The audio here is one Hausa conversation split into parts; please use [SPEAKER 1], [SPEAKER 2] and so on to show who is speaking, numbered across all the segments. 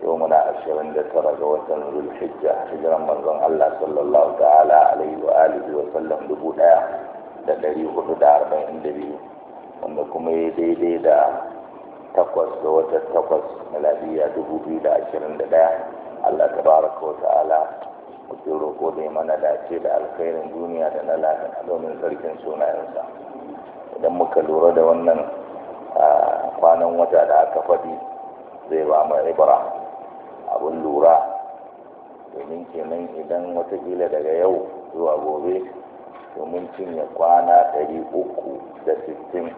[SPEAKER 1] yau muna ashirin da tara ga watan zulhijja hijiran manzon Allah sallallahu ta'ala alaihi wa alihi wa sallam dubu daya da ɗari hudu da arba'in da biyu wanda kuma ya daidai da takwas ga wata takwas miladiya dubu biyu da ashirin da daya Allah ta tabaraka wa ta'ala mutum roƙo da ya mana dace da alkhairin duniya da na lahira domin sarkin sunayensa idan muka lura da wannan kwanan wata da aka faɗi zai ba mu ibra abun lura domin kenan idan watakila daga yau zuwa gobe domin cinye kwana ɗari uku da sittin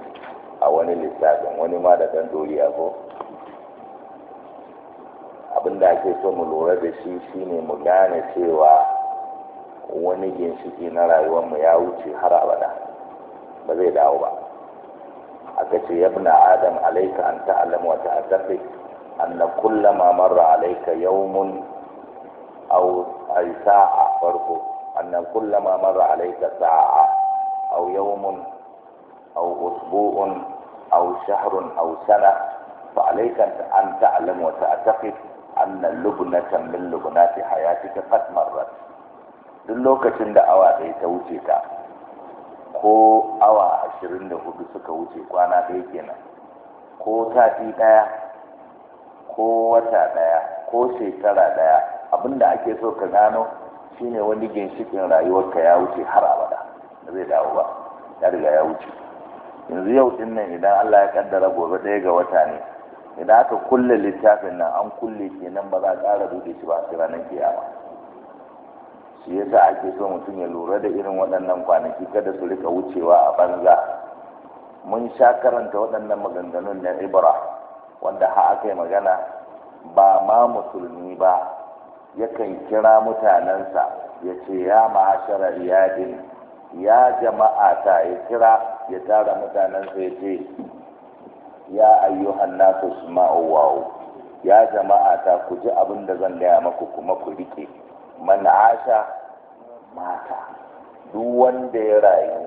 [SPEAKER 1] a wani lissafin wani ma da ɗan doriya ko da ake so mu lura da shi shine mu gane cewa wani ginshiki na rayuwar mu ya wuce har abada ba zai dawo ba aka ce yabna adam alaika an ta'alam wa ta'addafi أن كل ما مر عليك يوم أو أي ساعة فرضه أن كل ما مر عليك ساعة أو يوم أو أسبوع أو شهر أو سنة فعليك أن تعلم وتعتقد أن لبنة من لبنات حياتك قد مرت دلوك lokacin da awa ɗaya كو wuce ka ko awa ashirin da hudu suka wuce kwana ko wata ɗaya ko shekara ɗaya abinda ake so ka gano shine wani ginshikin rayuwarka ya wuce har abada da zai dawo ba ya riga ya wuce yanzu yau din nan idan Allah ya kaddara gobe ɗaya ga wata ne idan aka kulle littafin nan an kulle kenan ba za a ƙara buɗe shi ba sai ranar kiyama shi yasa ake so mutum ya lura da irin waɗannan kwanaki kada su rika wucewa a banza mun sha karanta waɗannan maganganun na ibra wanda ha aka yi magana ba ma musulmi ba yakan kira mutanensa ya ce ya ma'ashara riyadin ya jama'a ta ya kira ya tara mutanensa ya ce ya ayyuhan nasu su ma'uwawo ya jama'a ta ku ji abin da zan gaya maku kuma ku rike man asha mata duk wanda ya rayu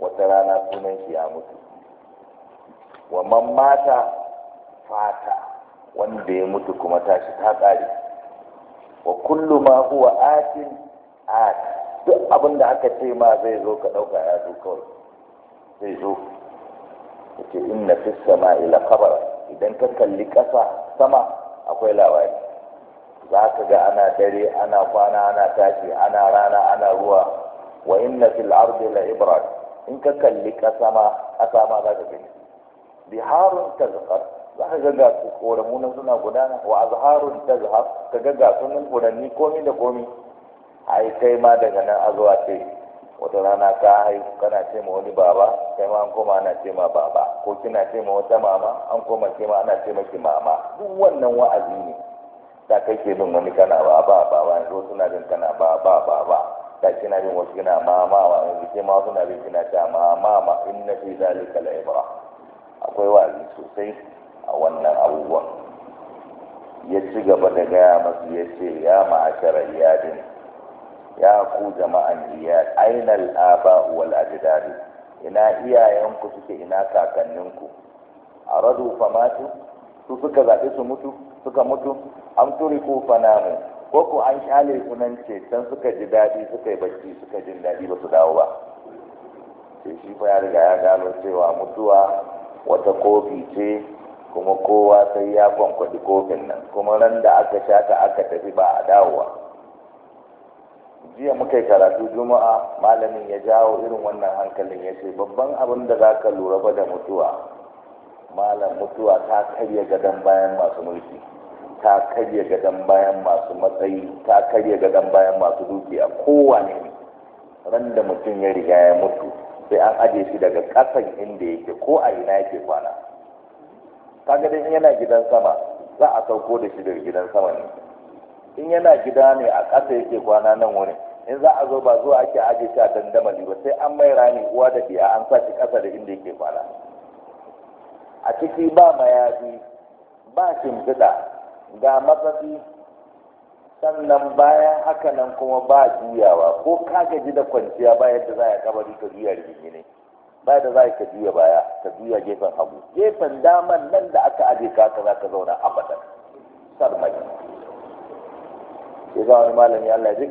[SPEAKER 1] wata rana sunan shi ya mutu wa man fata wanda ya mutu kuma tashi ta tsari. wa kullu ma huwa atin at duk abin da aka ce ma zai zo ka dauka ya zo kawai zai zo kace inna fis sama'i la khabara idan ka kalli kasa sama akwai labari za ka ga ana dare ana kwana ana tashi ana rana ana ruwa wa inna fil ardi la ibrat in ka kalli kasa ma kasa ma za ka gani biharun tazqar za ka ga su koramu nan suna gudana wa azharun tazhar ka ga ga nan furanni komi da komi ai kai ma daga nan a zuwa ce wata rana ka haihu kana ce ma wani baba kai ma an koma ana ce ma baba ko kina ce ma wata mama an koma ce ma ana ce ki mama duk wannan wa'azi ne da kai ke bin wani kana ba ba ba ba yanzu suna bin kana ba ba ba ba da kina bin wasu kina ma ma ma yanzu ke ma suna bin kina ta ma ma ma inna fi zalika la akwai wa'azi sosai a wannan abubuwan ya ci gaba da gaya masu ya ce ya ma'ashara iyadin ya ku jama'an iyad ainal aba wal ajdadu ina iyayenku suke ina kakanninku a radu famatu su suka zaɓi su mutu suka mutu an turi ko fanamu ko ku an shale su nan ce can suka ji daɗi suka yi bacci suka jin daɗi ba su dawo ba sai shi fa ya riga ya gano cewa mutuwa wata kofi ce kuma kowa sai ya kwankwaɗi kofin nan kuma ran da aka shata aka tafi ba a dawowa jiya muka yi karatu juma'a malamin ya jawo irin wannan hankalin ya ce babban abin da za ka lura ba da mutuwa malam mutuwa ta karya gadon bayan masu mulki ta karya gadon bayan masu matsayi ta karya gadon bayan masu dukiya kowane ne ran da mutum ya riga ya mutu sai an ajiye shi daga ƙasan inda yake ko a ina yake kwana kaga dai in yana gidan sama za a sauko da shi daga gidan sama ne in yana gida ne a ƙasa yake kwana nan wurin in za a zo ba zuwa ake ajiye shi a dandamali ba sai an mai rani uwa da biya an sa shi ƙasa da inda yake kwana a ciki ba mayafi ba shimfiɗa ga matsafi sannan bayan haka nan kuma ba juyawa ko ka gaji da kwanciya ba yadda za a kabari ka juya rigingine ne ba da za ka juya baya ka juya gefen hagu gefen daman nan da aka aje ka ka za ka zauna a abadan sarmai ya wani malami Allah ya ji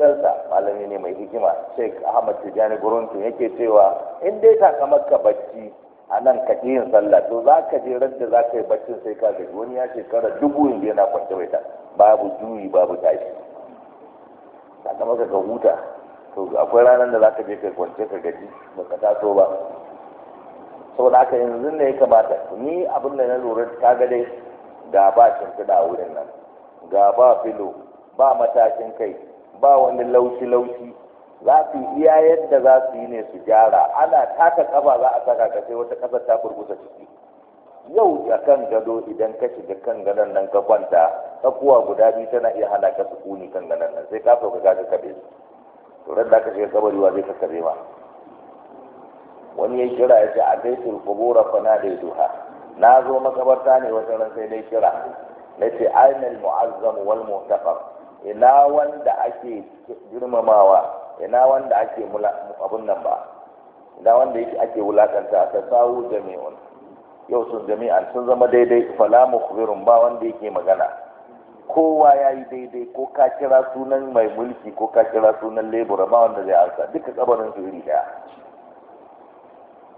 [SPEAKER 1] malami ne mai hikima Sheikh Ahmad Tijani Gurunto yake cewa in dai ka bacci a nan ka yin sallah to za ka je ran da za ka yi baccin sai ka gaji wani ya shekara dubu inda yana kwance bai ta babu juyi babu tashi sakamakka ka huta to akwai ranar da za ka je ka kwance ka gaji ba ka taso ba saboda haka yanzu ne ya kamata ni abin da na lura ta ga dai ga ba shimfiɗa a wurin nan ga ba filo ba matakin kai ba wani laushi-laushi za su iya yadda za su yi ne su gyara ana taka kafa za a saka ka sai wata kasar ta burbusa ciki yau a kan gado idan ka shiga kan gadon nan ka kwanta tsakuwa guda biyu tana iya hana ka sukuni kan gadon nan sai ka sauka ka kaɗe su to da ka shiga kabari wa zai ka ma wani ya kira ya ce a taitul kubura na da duha na zo makabarta ne wata ran sai dai kira na ce ainihin mu'azzam wal mu'taqab ina wanda ake girmamawa ina wanda ake abun nan ba ina wanda yake ake wulakanta ta sawu jami'un yau sun jami'an sun zama daidai fala mukhbirun ba wanda yake magana kowa ya yi daidai ko ka kira sunan mai mulki ko ka kira sunan lebura ba wanda zai ansa duka kabarin su iri daya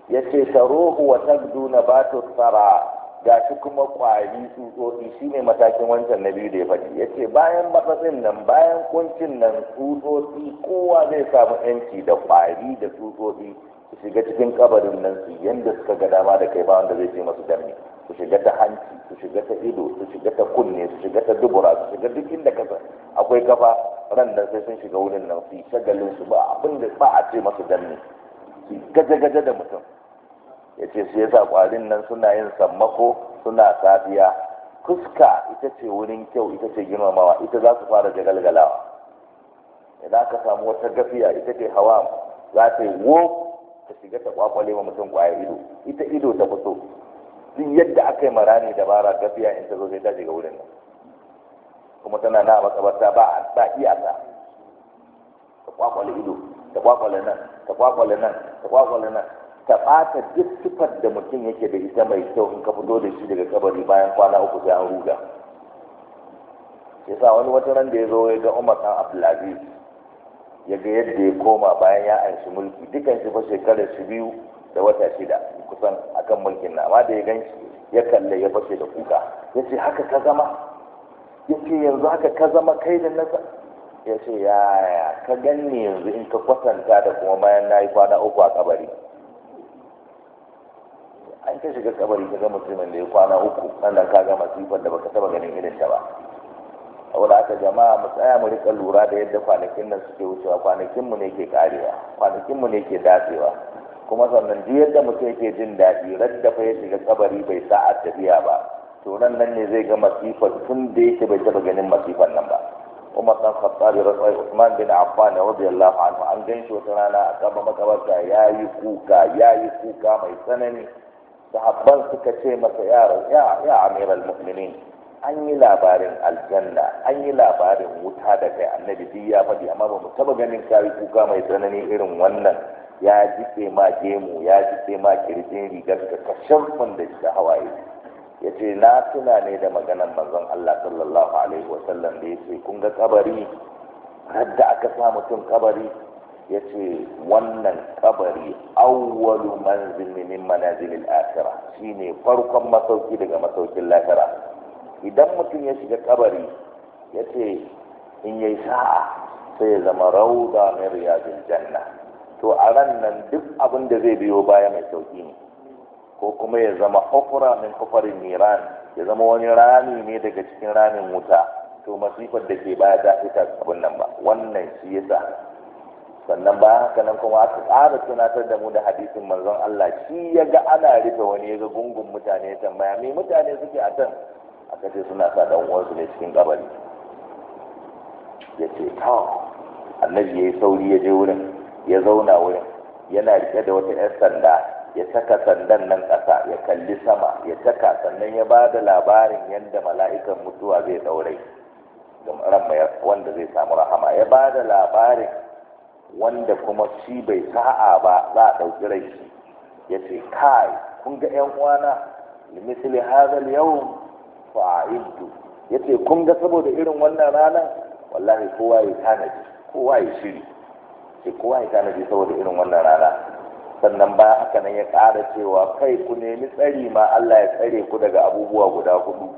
[SPEAKER 1] ya ce taruhu wa tagdu na batu tsara ga shi kuma kwari tsutsotsi shi ne matakin wancan na biyu da ya faɗi ya ce bayan matsatsin nan bayan kuncin nan tsutsotsi kowa zai samu yanci da kwari da tsutsotsi su shiga cikin kabarin nan su yanda suka ga dama da kai ba wanda zai je masu danne su shiga ta hanci su shiga ta ido su shiga ta kunne su shiga ta dubura su shiga duk inda kasa akwai kafa ran nan sai sun shiga wurin nan su yi shagalin su ba abin da ba a ce masu danne gaje-gaje da mutum ya ce shi yasa kwarin nan suna yin sammako suna safiya fuska ita ce wurin kyau ita ce girmamawa ita za su fara jagalgalawa idan ka samu wata gafiya ita ce hawa za ta yi wo ta shiga ta kwakwale wa mutum kwaya ido ita ido ta fito duk yadda aka yi marani dabara gafiya in ta zo sai ta shiga wurin nan kuma tana na makabarta ba ba iyaka ta kwakwale ido ta kwakwale nan ta kwakwale nan ta kwakwale nan ta ɓata duk sifar da mutum yake da ita mai kyau in ka fito da shi daga kabari bayan kwana uku sai an ruga yasa wani wata ran da ya zo ya ga Umar ɗan Abdulaziz ya ga yadda ya koma bayan ya aishi mulki dukan shi fa shekarar shi biyu da wata shida kusan akan mulkin na amma da ya gan shi ya kalle ya fashe da kuka ya ce haka ka zama ya ce yanzu haka ka zama kai da nasa ya ce yaya ka ganni yanzu in ka kwatanta da kuma bayan na yi kwana uku a kabari an ka shiga kabari ka ga musulmin da ya kwana uku da ka ga masifar da baka taba ganin irin ta ba saboda haka jama'a mu tsaya mu rika lura da yadda kwanakin nan suke wucewa kwanakin mu ne ke karewa kwanakin mu ne ke dacewa kuma sannan duk yadda mutum yake jin daɗi radda fa ya shiga kabari bai sa a tafiya ba to nan nan ne zai ga masifar tun da yake bai taba ganin masifar nan ba Umar dan Khattabi Rasul Usman bin Affan radiyallahu anhu an ganshi wata rana a kaba makabarta yayi kuka yayi kuka mai tsanani sahabban suka ce masa yaron ya ya amiral mu'minin an yi labarin aljanna an yi labarin wuta da kai annabi duk ya faɗi amma ba mu taɓa ganin kayi kuka mai tsanani irin wannan ya jike ma gemu ya jike ma kirjin rigar ta, ka shamfan da shi hawaye ya ce na tuna ne da maganar manzon Allah sallallahu alaihi wasallam da ya ce kun ga kabari radda aka sa mutum kabari ya ce wannan kabari awwalu manzili min manazilil shi shine farkon masauki daga masaukin lahira idan mutum ya shiga kabari ya ce in yayi sa'a sai ya zama rauda min riyadil janna to a ran nan duk abin da zai biyo baya mai sauki ne ko kuma ya zama hufura min hufarin niran ya zama wani rami ne daga cikin ramin wuta to masifar da ke baya ta fita abin nan ba wannan shi yasa sannan ba haka nan kuma aka tsara tunatar da mu da hadisin manzon Allah shi ya ga ana rufe wani ya ga gungun mutane ya tambaya me mutane suke a can aka ce suna sa dan uwansu ne cikin kabari ya ce to annabi ya yi sauri ya je wurin ya zauna wurin yana rike da wata 'yar sanda ya saka sandan nan ƙasa ya kalli sama ya saka sannan ya ba da labarin yadda mala'ikan mutuwa zai ɗaurai ga wanda zai samu rahama ya ba da labarin wanda kuma shi bai sa'a ba za a ɗauki rai shi ya ce kai kun ga yan uwana misali hazal yau fa'iddu ya ce kun ga saboda irin wannan ranar wallahi kowa ya tanadi kowa ya shiri ce kowa ya tanadi saboda irin wannan rana sannan ba haka nan ya kara cewa kai ku nemi tsari ma Allah ya tsare ku daga abubuwa guda hudu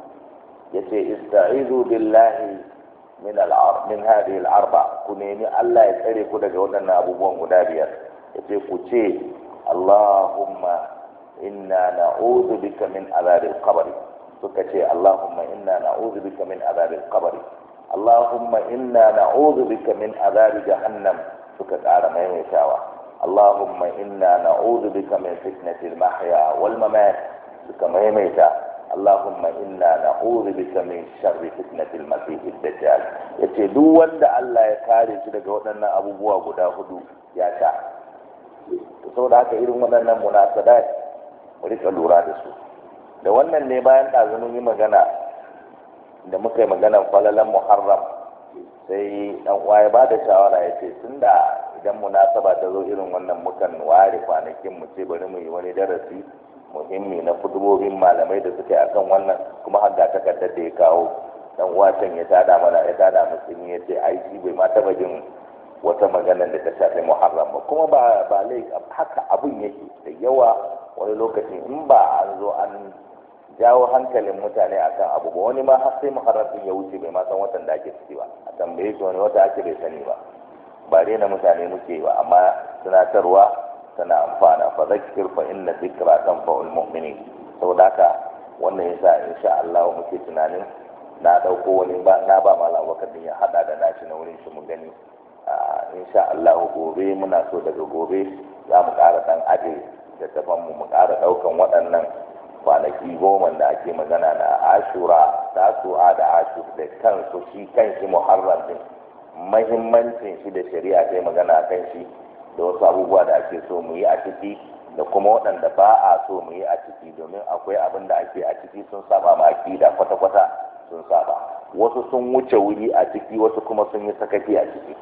[SPEAKER 1] ya ce ista'izu billahi min al min arba ku nemi Allah ya tsare ku daga waɗannan abubuwan guda biyar yace ku ce Allahumma inna na'udhu bika min azabil qabri suka ce Allahumma inna na'udhu bika min azabil qabri Allahumma inna na'udhu bika min azabi jahannam suka kara maimaitawa Allahumma suka maimaita اللهم إنا نعوذ بك من شر فتنة المسيح الدجال yace duk wanda Allah ya kare shi daga waɗannan abubuwa guda hudu ya ta? to saboda haka irin waɗannan munasabat mu rika lura da su da wannan ne bayan ɗazu yi magana da muka yi maganan falalan muharram sai dan uwa ya bada shawara ya ce tunda idan munasaba ta zo irin wannan mukan ware kwanakin mu sai bari mu yi wani darasi muhimmi na kudubobin malamai da suke akan wannan kuma har takardar da ya kawo dan uwa can ya tada mana ya tada musulmi ya ce ai shi bai ma taba jin wata magana da ta shafi muharram ba kuma ba ba lai haka abun yake da yawa wani lokaci in ba an zo an jawo hankalin mutane akan abu ba wani ma har sai muharram ya wuce bai ma san watan da ake ciki ba a tambaye shi wani wata ake bai sani ba ba na mutane muke ba amma tunatarwa tana amfana fa zakir fa inna dhikra tanfa'ul mu'minin saboda haka wannan yasa insha Allah muke tunanin na dauko wani ba na ba malam wakar ya hada da nashi na wurin shi mu gani insha Allah gobe muna so daga gobe za mu ƙara dan aje da tafan mu mu ƙara daukan waɗannan kwanaki goma da ake magana na ashura tasu'a da ashur da kansu shi kanshi muharram din mahimmancin shi da shari'a ta magana kan shi da wasu abubuwa da ake so mu yi a ciki da kuma waɗanda ba a so mu yi a ciki domin akwai abin da ake a ciki sun saba ma da kwata-kwata sun saba wasu sun wuce wuri a ciki wasu kuma sun yi sakaki a ciki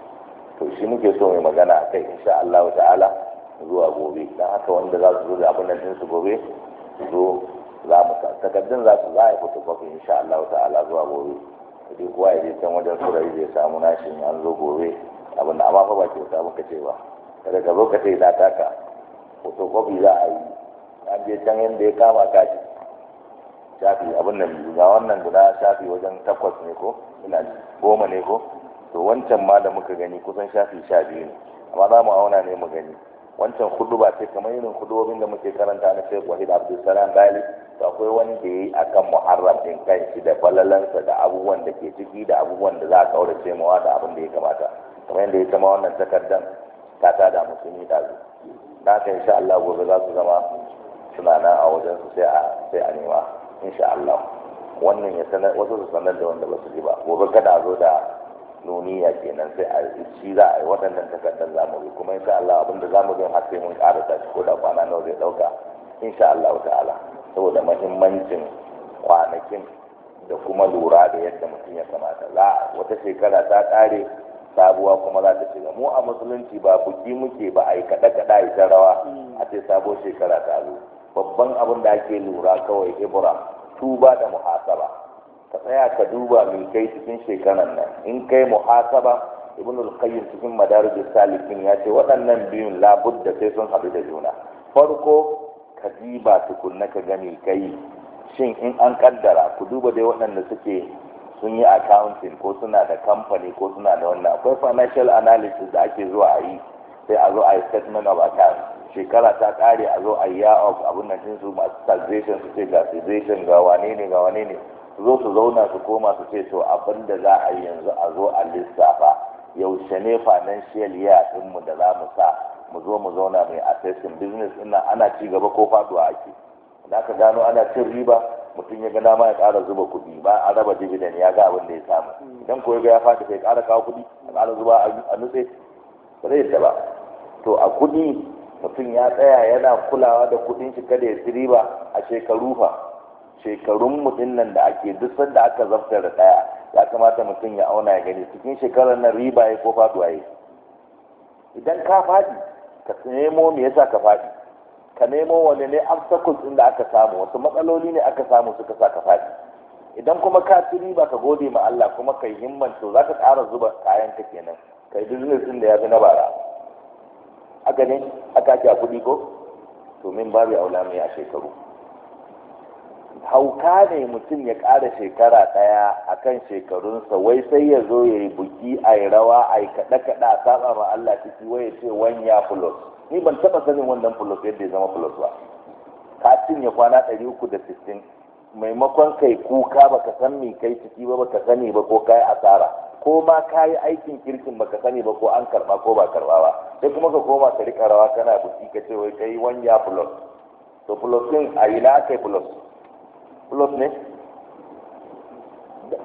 [SPEAKER 1] to shi muke so mai magana a kai insha Allah ta'ala zuwa gobe dan haka wanda za su zo da abin su gobe su zo za mu takaddun za su za a yi photocopy insha Allah ta'ala zuwa gobe dai kowa ya je can wajen surari zai samu nashi an zo gobe abin da amma fa ba ke samu kace ba kada ka zo ka ce za a yi an je can yadda ya kama ka ce shafi abin nan ga wannan guda shafi wajen takwas ne ko ina goma ne ko to wancan ma da muka gani kusan shafi sha biyu ne amma za mu auna ne mu gani wancan hudu ba ce kamar irin hudubobin da muke karanta na Sheikh Wahid Abdul Salam to akwai wanda yayi kan Muharram din kanshi da falalansa da abubuwan da ke ciki da abubuwan da za a kaurace mawa da abin da ya kamata kamar yadda ya kama wannan takardar kata da musulmi da su da haka insha Allah gobe za su zama sunana a wajen su sai a sai a nema insha Allah wannan ya sanar wasu su sanar da wanda ba su ji ba gobe kada zo da nuniya kenan sai a ci za a yi waɗannan takardar zamu kuma insha Allah abinda zamu bi har sai mun ƙara ta ko da kwana nawa zai ɗauka insha Allah ta'ala saboda mahimmancin kwanakin da kuma lura da yadda mutum ya kamata za wata shekara ta ƙare sabuwa kuma za ta shiga mu a musulunci ba buki muke ba a yi kaɗa kaɗa a rawa hmm. a ce sabo shekara ta zo babban abin da ake lura kawai ibra tuba da muhasaba ka tsaya ka duba mai kai cikin shekaran nan in kai muhasaba ibn al cikin madarij salikin ya ce waɗannan biyun labudda sai sun haɗu da juna farko ka ba tukunna ka gani kai shin in an kaddara ku duba dai waɗanda suke sun yi accounting ko suna da company ko suna da wannan akwai financial analysis da ake zuwa a yi sai a zo a yi statement of account shekara ta kare a zo a yi of abin nan su masu taxation su ce taxation ga wane ne ga wane ne zo su zauna su koma su ce to abin da za a yi yanzu a zo a lissafa yaushe ne financial year dinmu da za mu sa mu zo mu zauna mai assessing business ina ana ci gaba ko faduwa ake da aka gano ana cin riba mutum ya ga dama ya kara zuba kuɗi ba a raba dividend ya ga abin da ya samu idan ko ga ya faɗi sai kara kawo kuɗi a ƙara zuba a nutse ba zai yadda ba to a kuɗi mutum ya tsaya yana kulawa da kuɗin shi kada ya riba a shekaru fa shekarun mutum nan da ake duk sanda aka zaftar da ɗaya ya kamata mutum ya auna ya gani cikin shekarar nan riba ya ko faɗuwa ya idan ka faɗi ka nemo me yasa ka faɗi ka nemo wani ne obstacles ɗin da aka samu wasu matsaloli ne aka samu suka sa ka faɗi idan kuma ka ci riba ka gode ma Allah kuma ka yi himman to za ka ƙara zuba kayan ka kenan ka yi business din da ya fi na bara haka ne aka ci a kuɗi ko to min babu aula mai a shekaru hauka ne mutum ya ƙara shekara ɗaya a kan shekarunsa wai sai ya zo ya yi buki a yi rawa a yi kaɗe-kaɗe a saɓa ma Allah ciki wai ya ce wani ya fulo ni ban taba sanin wannan plus yadda ya zama plus ba ka ya kwana ɗari uku da sittin maimakon kai kuka baka san me kai ciki ba baka sani ba ko kai asara ko ma ka aikin kirkin baka sani ba ko an karba ko ba karba ba sai kuma ka koma ka rika rawa kana buki ka ce wai kai wanya plus to plus din a yi na kai plus plus ne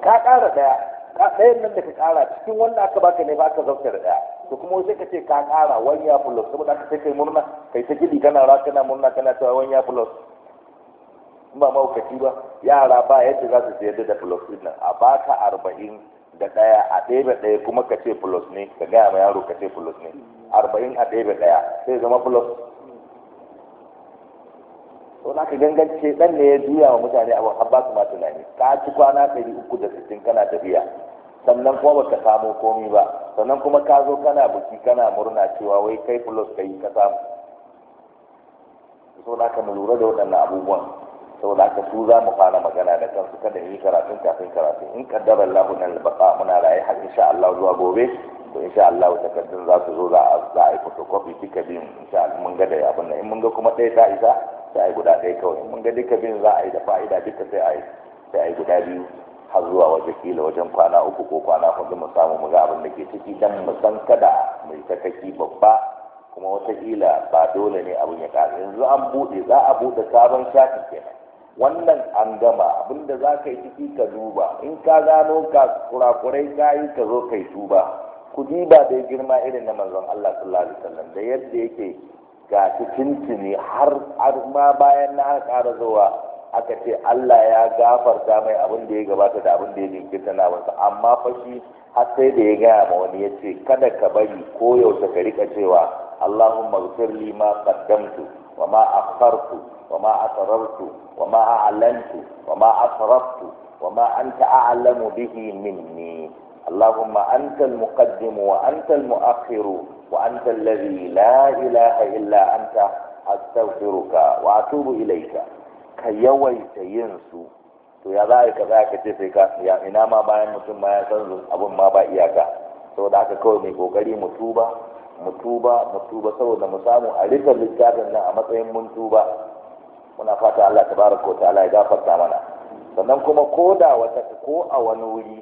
[SPEAKER 1] ka ƙara ɗaya, ka ɗaya nan da ka ƙara, cikin wanda aka baka ne ba ka zaftar da daya to kuma sai ka ce ka kara wani ya fulos saboda ka sai kai murna kai ta gidi kana ra kana murna kana cewa wani ya fulos ba maukaci ba yara ba yadda za su sayar da fulos din nan a baka arba'in da ɗaya a ɗaya ɗaya kuma ka ce fulos ne ka gaya ma yaro ka ce fulos ne arba'in a ɗebe ɗaya sai zama fulos to na ka gangance ɗan ne ya juya wa mutane abu an ba su ma tunani ka ci kwana ɗari uku da sittin kana tafiya sannan kuma baka samu komi ba sannan kuma ka zo kana buki kana murna cewa wai kai plus yi ka samu so da ka mu lura da waɗannan abubuwan sau da haka su za mu fara magana da kansu kada in yi karatun kafin karatun in kaddara Allah nan baka muna raye har insha Allah zuwa gobe to insha Allah takardun za su zo za a za a yi photocopy duka biyun insha Allah mun ga da abin nan in mun ga kuma ɗaya ta isa sai a yi guda ɗaya kawai in mun ga duka biyun za a yi da fa'ida duka sai a yi sai a yi guda biyu har zuwa waje kila wajen kwana uku ko kwana hudu mu samu mu ga abin da ke ciki dan mu san kada mai takaki babba kuma kila ba dole ne abin ya kare yanzu an bude za a bude sabon shafi kenan wannan an gama abin da za ka yi ciki ka duba in ka gano ka kurakurai ka yi ka zo ka yi tuba ku diba da girma irin na manzon Allah sallallahu alaihi wasallam da yadda yake ga cikin tuni har ma bayan na har ƙara zuwa aka ce Allah ya gafarta mai abin da ya gabata da abin da ya jinkirta na wasu amma fashi har sai da ya gaya ma wani ya ce kada ka bari ko yaushe ka rika cewa Allahumma ghfirli ma qaddamtu wa ma akhartu wa ma asrartu wa ma a'lantu wa ma asraftu wa ma anta a'lamu bihi minni اللهم أنت المقدم وأنت المؤخر وأنت الذي لا إله إلا أنت أستغفرك وأتوب إليك ka yawaita yin su to ya za ka za ka ce sai ka ya ina ma bayan mutum ma ya san abun ma ba iyaka saboda haka kawai mai kokari mu tuba mu tuba mu tuba saboda mu samu a rika littafin nan a matsayin mun tuba muna fata Allah tabaraka wa ta'ala ya gafarta mana sannan kuma ko da wata ko a wani wuri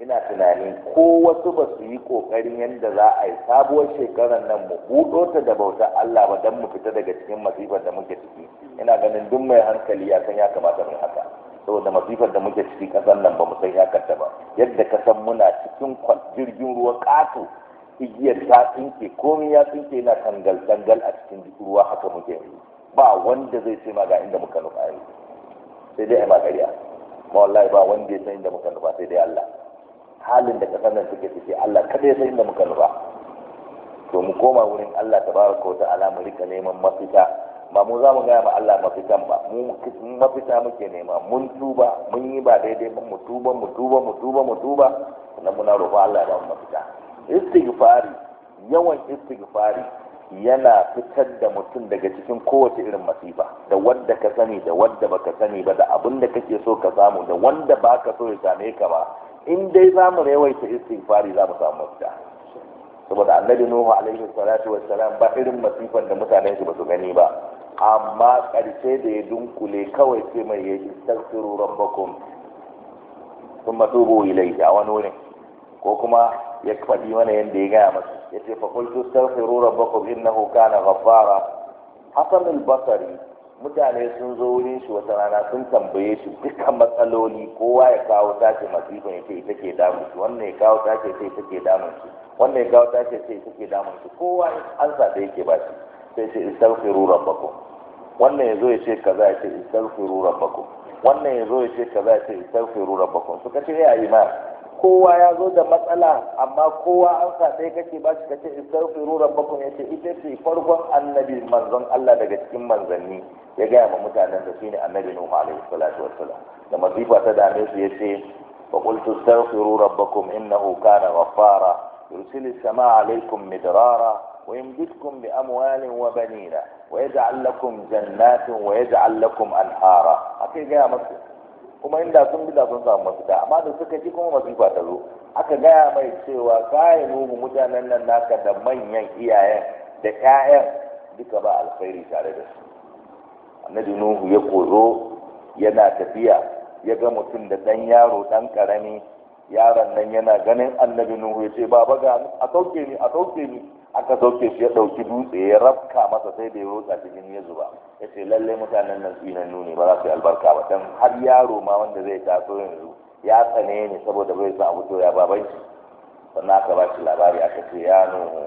[SPEAKER 1] ina tunani ko wasu ba su yi kokarin yadda za a yi sabuwar shekarar nan mu buɗo ta da bauta Allah ba don mu fita daga cikin masifar da muke ciki ina ganin duk mai hankali ya san ya kamata mu haka saboda masifar da muke ciki kasan nan ba mu san iyakarta ba yadda ka san muna cikin jirgin ruwa kato igiyar ta tsinke komai ya tsinke yana tangal tangal a cikin ruwa haka muke ba wanda zai ce ma ga inda muka nufa yanzu sai dai ai ma ma wallahi ba wanda ya san inda muka nufa sai dai Allah halin da kasar nan suke ciki Allah kada ya san inda muka nufa to mu koma wurin Allah tabaraka wa ta'ala mu rika neman mafita ba mu za mu gaya ma Allah mafitan ba mu mafita muke nema mun tuba mun yi ba daidai ba mu tuba mu tuba mu tuba mu tuba sannan muna roƙo Allah ya ba mu mafita istighfari yawan istighfari yana fitar da mutum daga cikin kowace irin masifa da wadda ka sani da wadda baka sani ba da abin da kake so ka samu da wanda baka so ya same ka ba in dai za mu yawaita istighfari za mu samu mafita saboda annabi nuhu alaihi salatu wassalam ba irin masifan da mutanen su ba su gani ba amma ƙarshe da ya dunkule kawai sai mai ya istaghfiru rabbakum thumma tubu ilayhi a wani wurin ko kuma ya faɗi mana yadda ya gaya masu ya ce fakultu astaghfiru rabbakum innahu na ghaffara hasan hasamin basari mutane sun zo wurin shi wata rana sun tambaye shi dukkan matsaloli kowa ya kawo tace masifin ya ce ita ke damun shi wannan ya kawo ya ce ita ke damun shi wannan ya kawo ya ce ita ke damun shi kowa an sa da yake ba shi sai ce istaghfiru rabbakum wannan yazo ya ce kaza ya ce istaghfiru rabbakum wannan yazo ya ce kaza ya ce istaghfiru rabbakum suka ce ya iman kowa ya zo da matsala amma kowa an sa ɗaya kake ba shi kace istaghfiru rabbakum ya ce ita ce farkon annabi manzon Allah daga cikin manzanni ya ga ma mutanen da shine annabi Nuhu alaihi salatu wassalam da masifa ta da ne su yace fa qultu istaghfiru rabbakum innahu kana ghaffara yursilu samaa alaykum midrara ويمددكم بأموال وبنين ويجعل لكم جنات ويجعل لكم أنهارا أكي جاء مصر kuma inda sun bi da sun samu mafita amma da suka ji kuma masu ta zo aka gaya mai cewa kayan nuhu mutanen nan naka da manyan iyayen da kayan duka ba alkhairi tare da su annabi nuhu ya kozo yana tafiya ya ga mutum da ɗan yaro ɗan ƙarami yaron nan yana ganin annabi nuhu ya ce baba ga a sauke ni a sauke ni aka sauke shi ya ɗauki dutse ya rafka masa sai da ya rotsa cikin jini ya zuba ya ce lallai mutanen nan tsinan nuni ba za su yi albarka ba dan har yaro ma wanda zai taso yanzu ya tsane ne saboda bai sa abu to ya baban shi sannan aka ba shi labari aka ce ya nuhu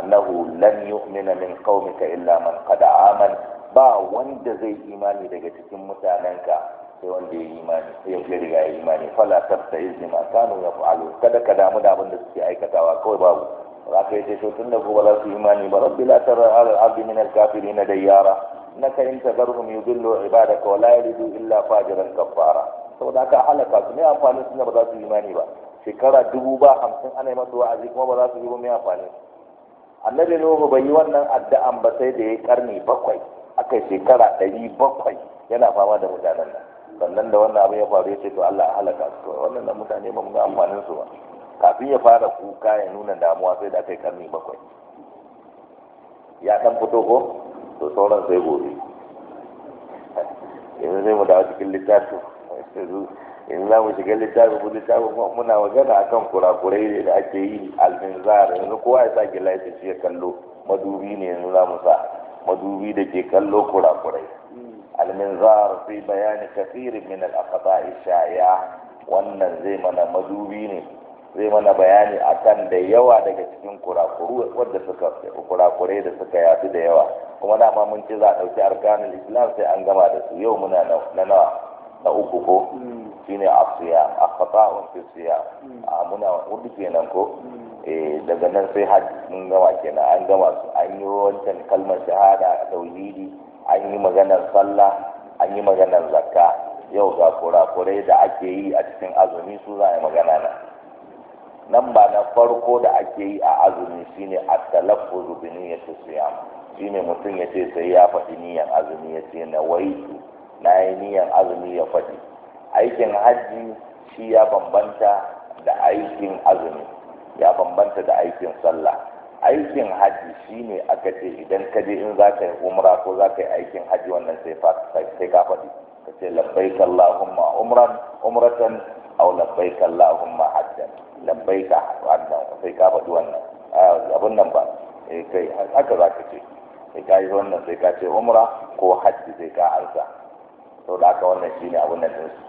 [SPEAKER 1] annahu lan yu'mina min qaumika illa man qad aman ba wanda zai imani daga cikin mutanenka sai wanda ya imani sai ya riga ya imani fala tabta izni ma kanu yaf'alu kada ka damu da abin da suke aikatawa kawai babu haka yace to tunda ko ba za su imani ba rabbi la tara al abdi min al kafirin dayyara naka in tadarhum yudillu ibadaka wa la yalidu illa fajiran kafara saboda ka halaka su ne amfani tunda ba za su imani ba shekara dubu ba hamsin ana yi masa wa'azi kuma ba za su yi ba mai amfani annabi nuhu bai yi wannan addu'an ba sai da ya karni bakwai aka yi shekara ɗari bakwai yana fama da mutanen nan sannan da wannan abin ya faru ya ce to Allah ya halaka su wannan mutane ba mu ga amfanin su ba kafin ya fara kuka ya nuna damuwa sai da kai karni bakwai ya dan fito ko to sauran sai gobe yanzu sai mu dawo cikin littafi yanzu za mu shiga littafi ko littafi muna magana akan kurakurai ne da ake yi alminzar yanzu kowa ya sa gila ya ya kallo madubi ne yanzu za mu sa madubi da ke kallo kurakurai alminzar fi bayani kafirin min al a shaya wannan zai mana madubi ne zai mana bayani akan da yawa daga cikin kurakuru wadda suka kurakure da suka yafi da yawa kuma dama mun ce za a ɗauki arkanin islam sai an gama da su yau muna na nawa na uku ko hmm. shi a asiya a wancan siya hmm. a ah, muna hudu kenan ko hmm. eh, daga nan sai hajji mun gama kenan an gama su an yi wancan kalmar shahada tauhidi an yi maganar sallah an yi maganar zakka yau ga kurakurai da ake yi a cikin azumi su za a yi magana nan nan ba na farko da ake yi a azumi shine rubini ya ce niyyati shi ne mutum ya ce sai ya faɗi niyyar azumi ya ce na waitu na yi niyyar azumi ya faɗi aikin hajji shi ya bambanta da aikin azumi ya bambanta da aikin sallah aikin hajji shine aka ce idan ka je in za ka yi umra ko za ka yi aikin hajji wannan sai ka faɗi ka ce labbaik allahumma umran umratan aw labbaik allahumma hajjan lambai ka wannan sai ka faɗi wannan abin nan ba eh kai haka za ka ce sai ka yi wannan sai ka ce umra ko hajji sai ka ansa to da haka wannan shine abin nan din su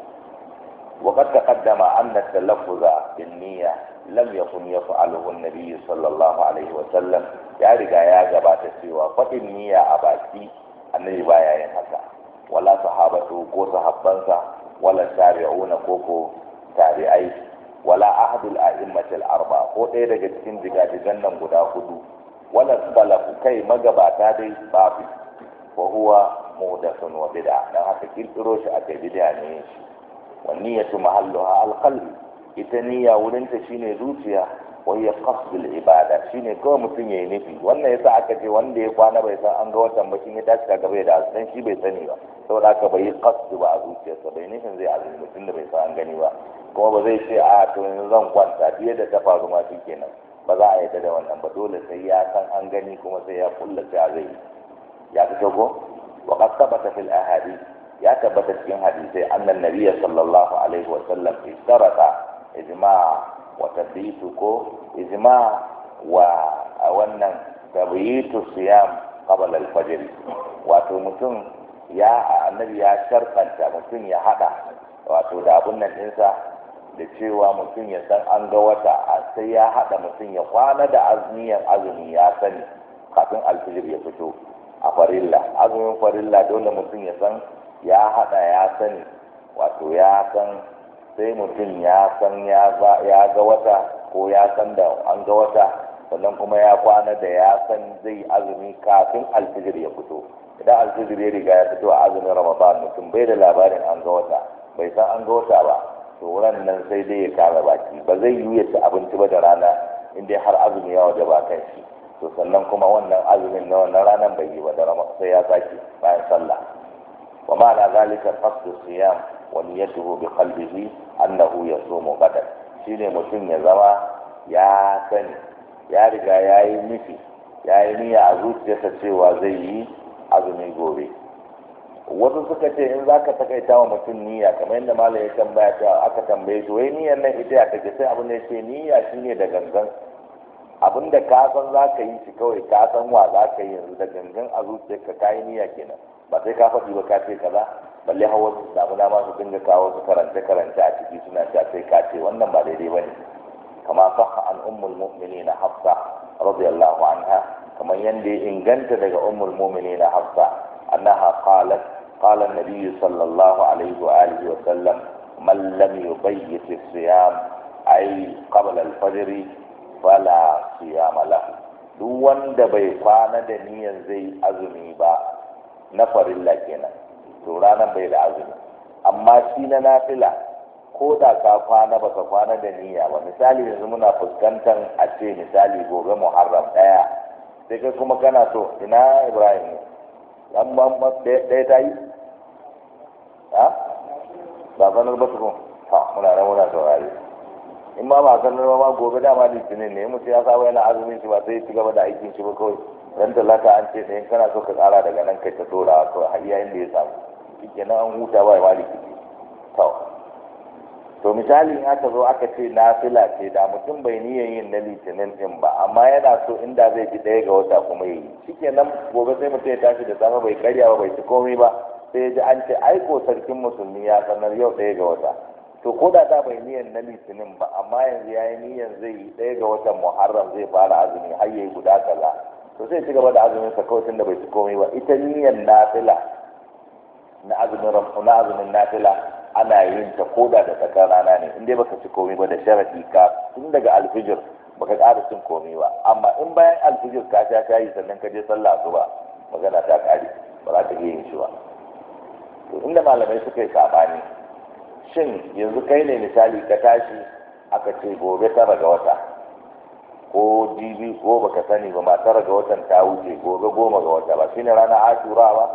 [SPEAKER 1] wa qad taqaddama anna talaffuza bin niyya lam yakun yaf'aluhu an-nabi sallallahu alaihi wa sallam ya riga ya gabata cewa faɗin niyya a baki annabi ba ya yin haka wala sahabatu ko sahabbansa wala tabi'una ko ko tabi'ai wala ahadul a'immatil arba ko ɗaya daga cikin jigajigan nan guda hudu wala ku kai magabata dai babu ko huwa muhdathun wa bid'a dan haka kirkiro shi akai bid'a ne shi wa niyyatu mahalluha alqalbi ita niyya wurin ta shine zuciya wa hiya qasdul ibada shine ko mutum yayi nufi wannan yasa aka ce wanda ya kwana bai san an ga watan ba ya tashi daga bai da san shi bai sani ba saboda haka bai qasd ba a zuciyarsa bai nufin zai azumi mutun da bai san an gani ba kuma ba zai ce a to yanzu zan kwanta fiye da ta faru ma shi kenan ba za a yarda da wannan ba dole sai ya san an gani kuma sai ya kulla ta zai ya fito ko wa qad thabata fil ahadi ya tabbata cikin hadisai annan nabiyya sallallahu alaihi wa sallam istarata ijma wa tabitu ko ijma wa a wannan tabitu siyam qabla al-fajr wato mutum ya annabi ya shartanta mutum ya hada wato da abun nan ɗinsa da cewa mutum ya san an ga wata a sai ya haɗa mutum ya kwana da azumiyar azumi ya sani kafin alfijir ya fito a farilla azumin farilla dole mutum ya san ya haɗa ya sani wato ya san sai mutum ya san ya ga wata ko ya san da an ga wata sannan kuma ya kwana da ya san zai azumi kafin alfijir ya fito idan alfijir ya riga ya fito a azumin ramadan mutum bai da labarin an ga wata bai san an ga wata ba to ran nan sai dai ya kara baki ba zai yi ya abinci ba da rana in dai har azumi ya waje ba kan shi to sannan kuma wannan azumin na wannan ranar bai yi ba da rama sai ya sake bayan sallah wa ma'ana zalika fasu siyam wa niyyatuhu bi qalbihi annahu yasumu gadan shine mutum ya zama ya sani ya riga yayi yi yayi ya niyya a zuciyarsa cewa zai yi azumi gobe wasu suka ce in za ka takaita wa mutum niyya kamar yadda malam ya tambaya ta aka tambaye shi wai niyyar nan ita ya take sai abin da ya ce niyya ne da gangan abin da ka san za ka yi shi kawai ka san wa za ka yi yanzu da gangan a zuciyarka ka yi niyya kenan ba sai ka faɗi ba ka ce kaza balle hawa su samu dama su dinga kawo su karance karance a ciki suna cewa sai ka ce wannan ba daidai ba ne kama sahha an ummul na hafsa radiyallahu anha kamar yadda ya inganta daga ummul na hafsa annaha qalat قال النبي صلى Mallam عليه وآله وسلم من لم يبيت الصيام أي قبل الفجر فلا صيام له duk wanda bai kwana da niyan zai azumi ba na farilla kenan to ranar bai da azumi amma shi na nafila ko da ka kwana ba ka kwana da niyya ba misali yanzu muna fuskantar a ce misali gobe muharram ɗaya sai kai kuma kana so ina ibrahim ne ɗaya ta yi ha ba sanar ba su ko ha muna nan muna saurari in ma ba ganar ma gobe ma litinin ne mutum ya saba yana azumin shi ba sai ya ci gaba da aikin shi ba kawai dan talaka an ce in kana so ka tsara daga nan kai ta dora ko har yayin da ya samu nan an huta ba ya maliki to to misali in aka zo aka ce nafila ce da mutum bai niyyar yin na litinin din ba amma yana so in da zai ji ɗaya ga wata kuma yi nan gobe sai mutum ya tashi da safe bai karya ba bai ci komai ba sai ji an ce aiko sarkin musulmi ya sanar yau ɗaya ga wata to ko da ta bai niyan na litinin ba amma yanzu ya yi niyan zai yi ɗaya ga watan muharram zai fara azumi har yayi guda kaza to sai ci gaba da azumin sa kawai tunda bai ci komai ba ita niyan nafila na azumin na azumin nafila ana yin ta ko da tsakar rana ne in dai baka ci komai ba da sharadi ka tun daga alfijir baka ƙara cin komai ba amma in bayan alfijir ka sha shayi sannan ka je sallah ba magana ta ƙare ba za ta iya yin shi ba to inda malamai suka yi sabani shin yanzu kai ne misali ka tashi aka ce gobe tara ga wata ko jibi ko baka sani ba ma tara ga watan ta wuce gobe goma ga wata ba shine rana ashura ba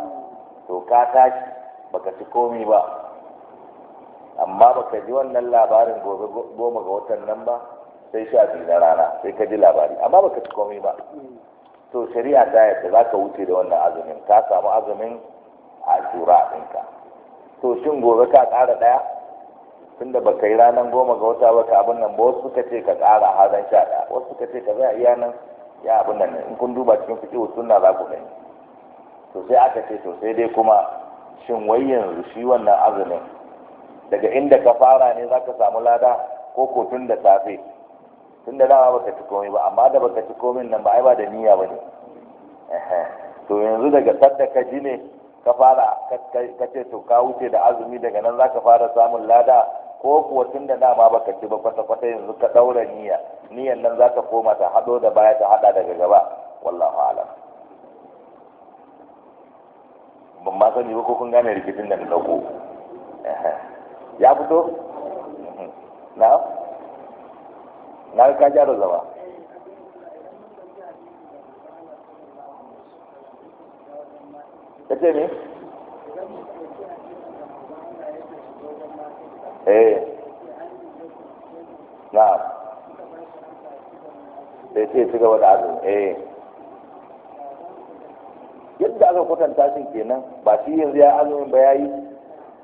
[SPEAKER 1] to ka tashi baka ci komi ba amma baka ji wannan labarin gobe goma ga watan nan ba sai sha biyu na rana sai ka ji labari amma baka ci komi ba hmm. to shari'a ta yadda za ka wuce da wannan azumin ka samu azumin a ashura ɗinka to shin gobe ka ƙara ɗaya tunda ba ka yi ranar goma ga wata ba ka abin nan ba wasu suka ce ka ƙara hazan sha ɗaya wasu suka ce ka zai iya nan ya abin nan in kun duba cikin fiƙi suna za ku gani to sai aka ce to sai dai kuma shin wai yanzu shi wannan azumin daga inda ka fara ne za ka samu lada ko ko tun da safe tun da dama baka ci komai ba amma da baka ci komai nan ba ai ba da niyya ba ne to yanzu daga sadda ka ji ne ka fara ka ce to ka wuce da azumi daga nan zaka fara samun lada ko kuwa tun da dama ba ka ci ba kwata kwata yanzu ka ɗaura niyya niyyan nan zaka koma ta haɗo da baya ta hada daga gaba wallahu alam ban ma sani ba ko kun gane rikicin da na dauko ya fito na na ka gyara zama ka ce ne eh. na sai ce ci gaba da azumi eh yadda aka kwatanta shi kenan ba shi yanzu ya azumin ba ya yi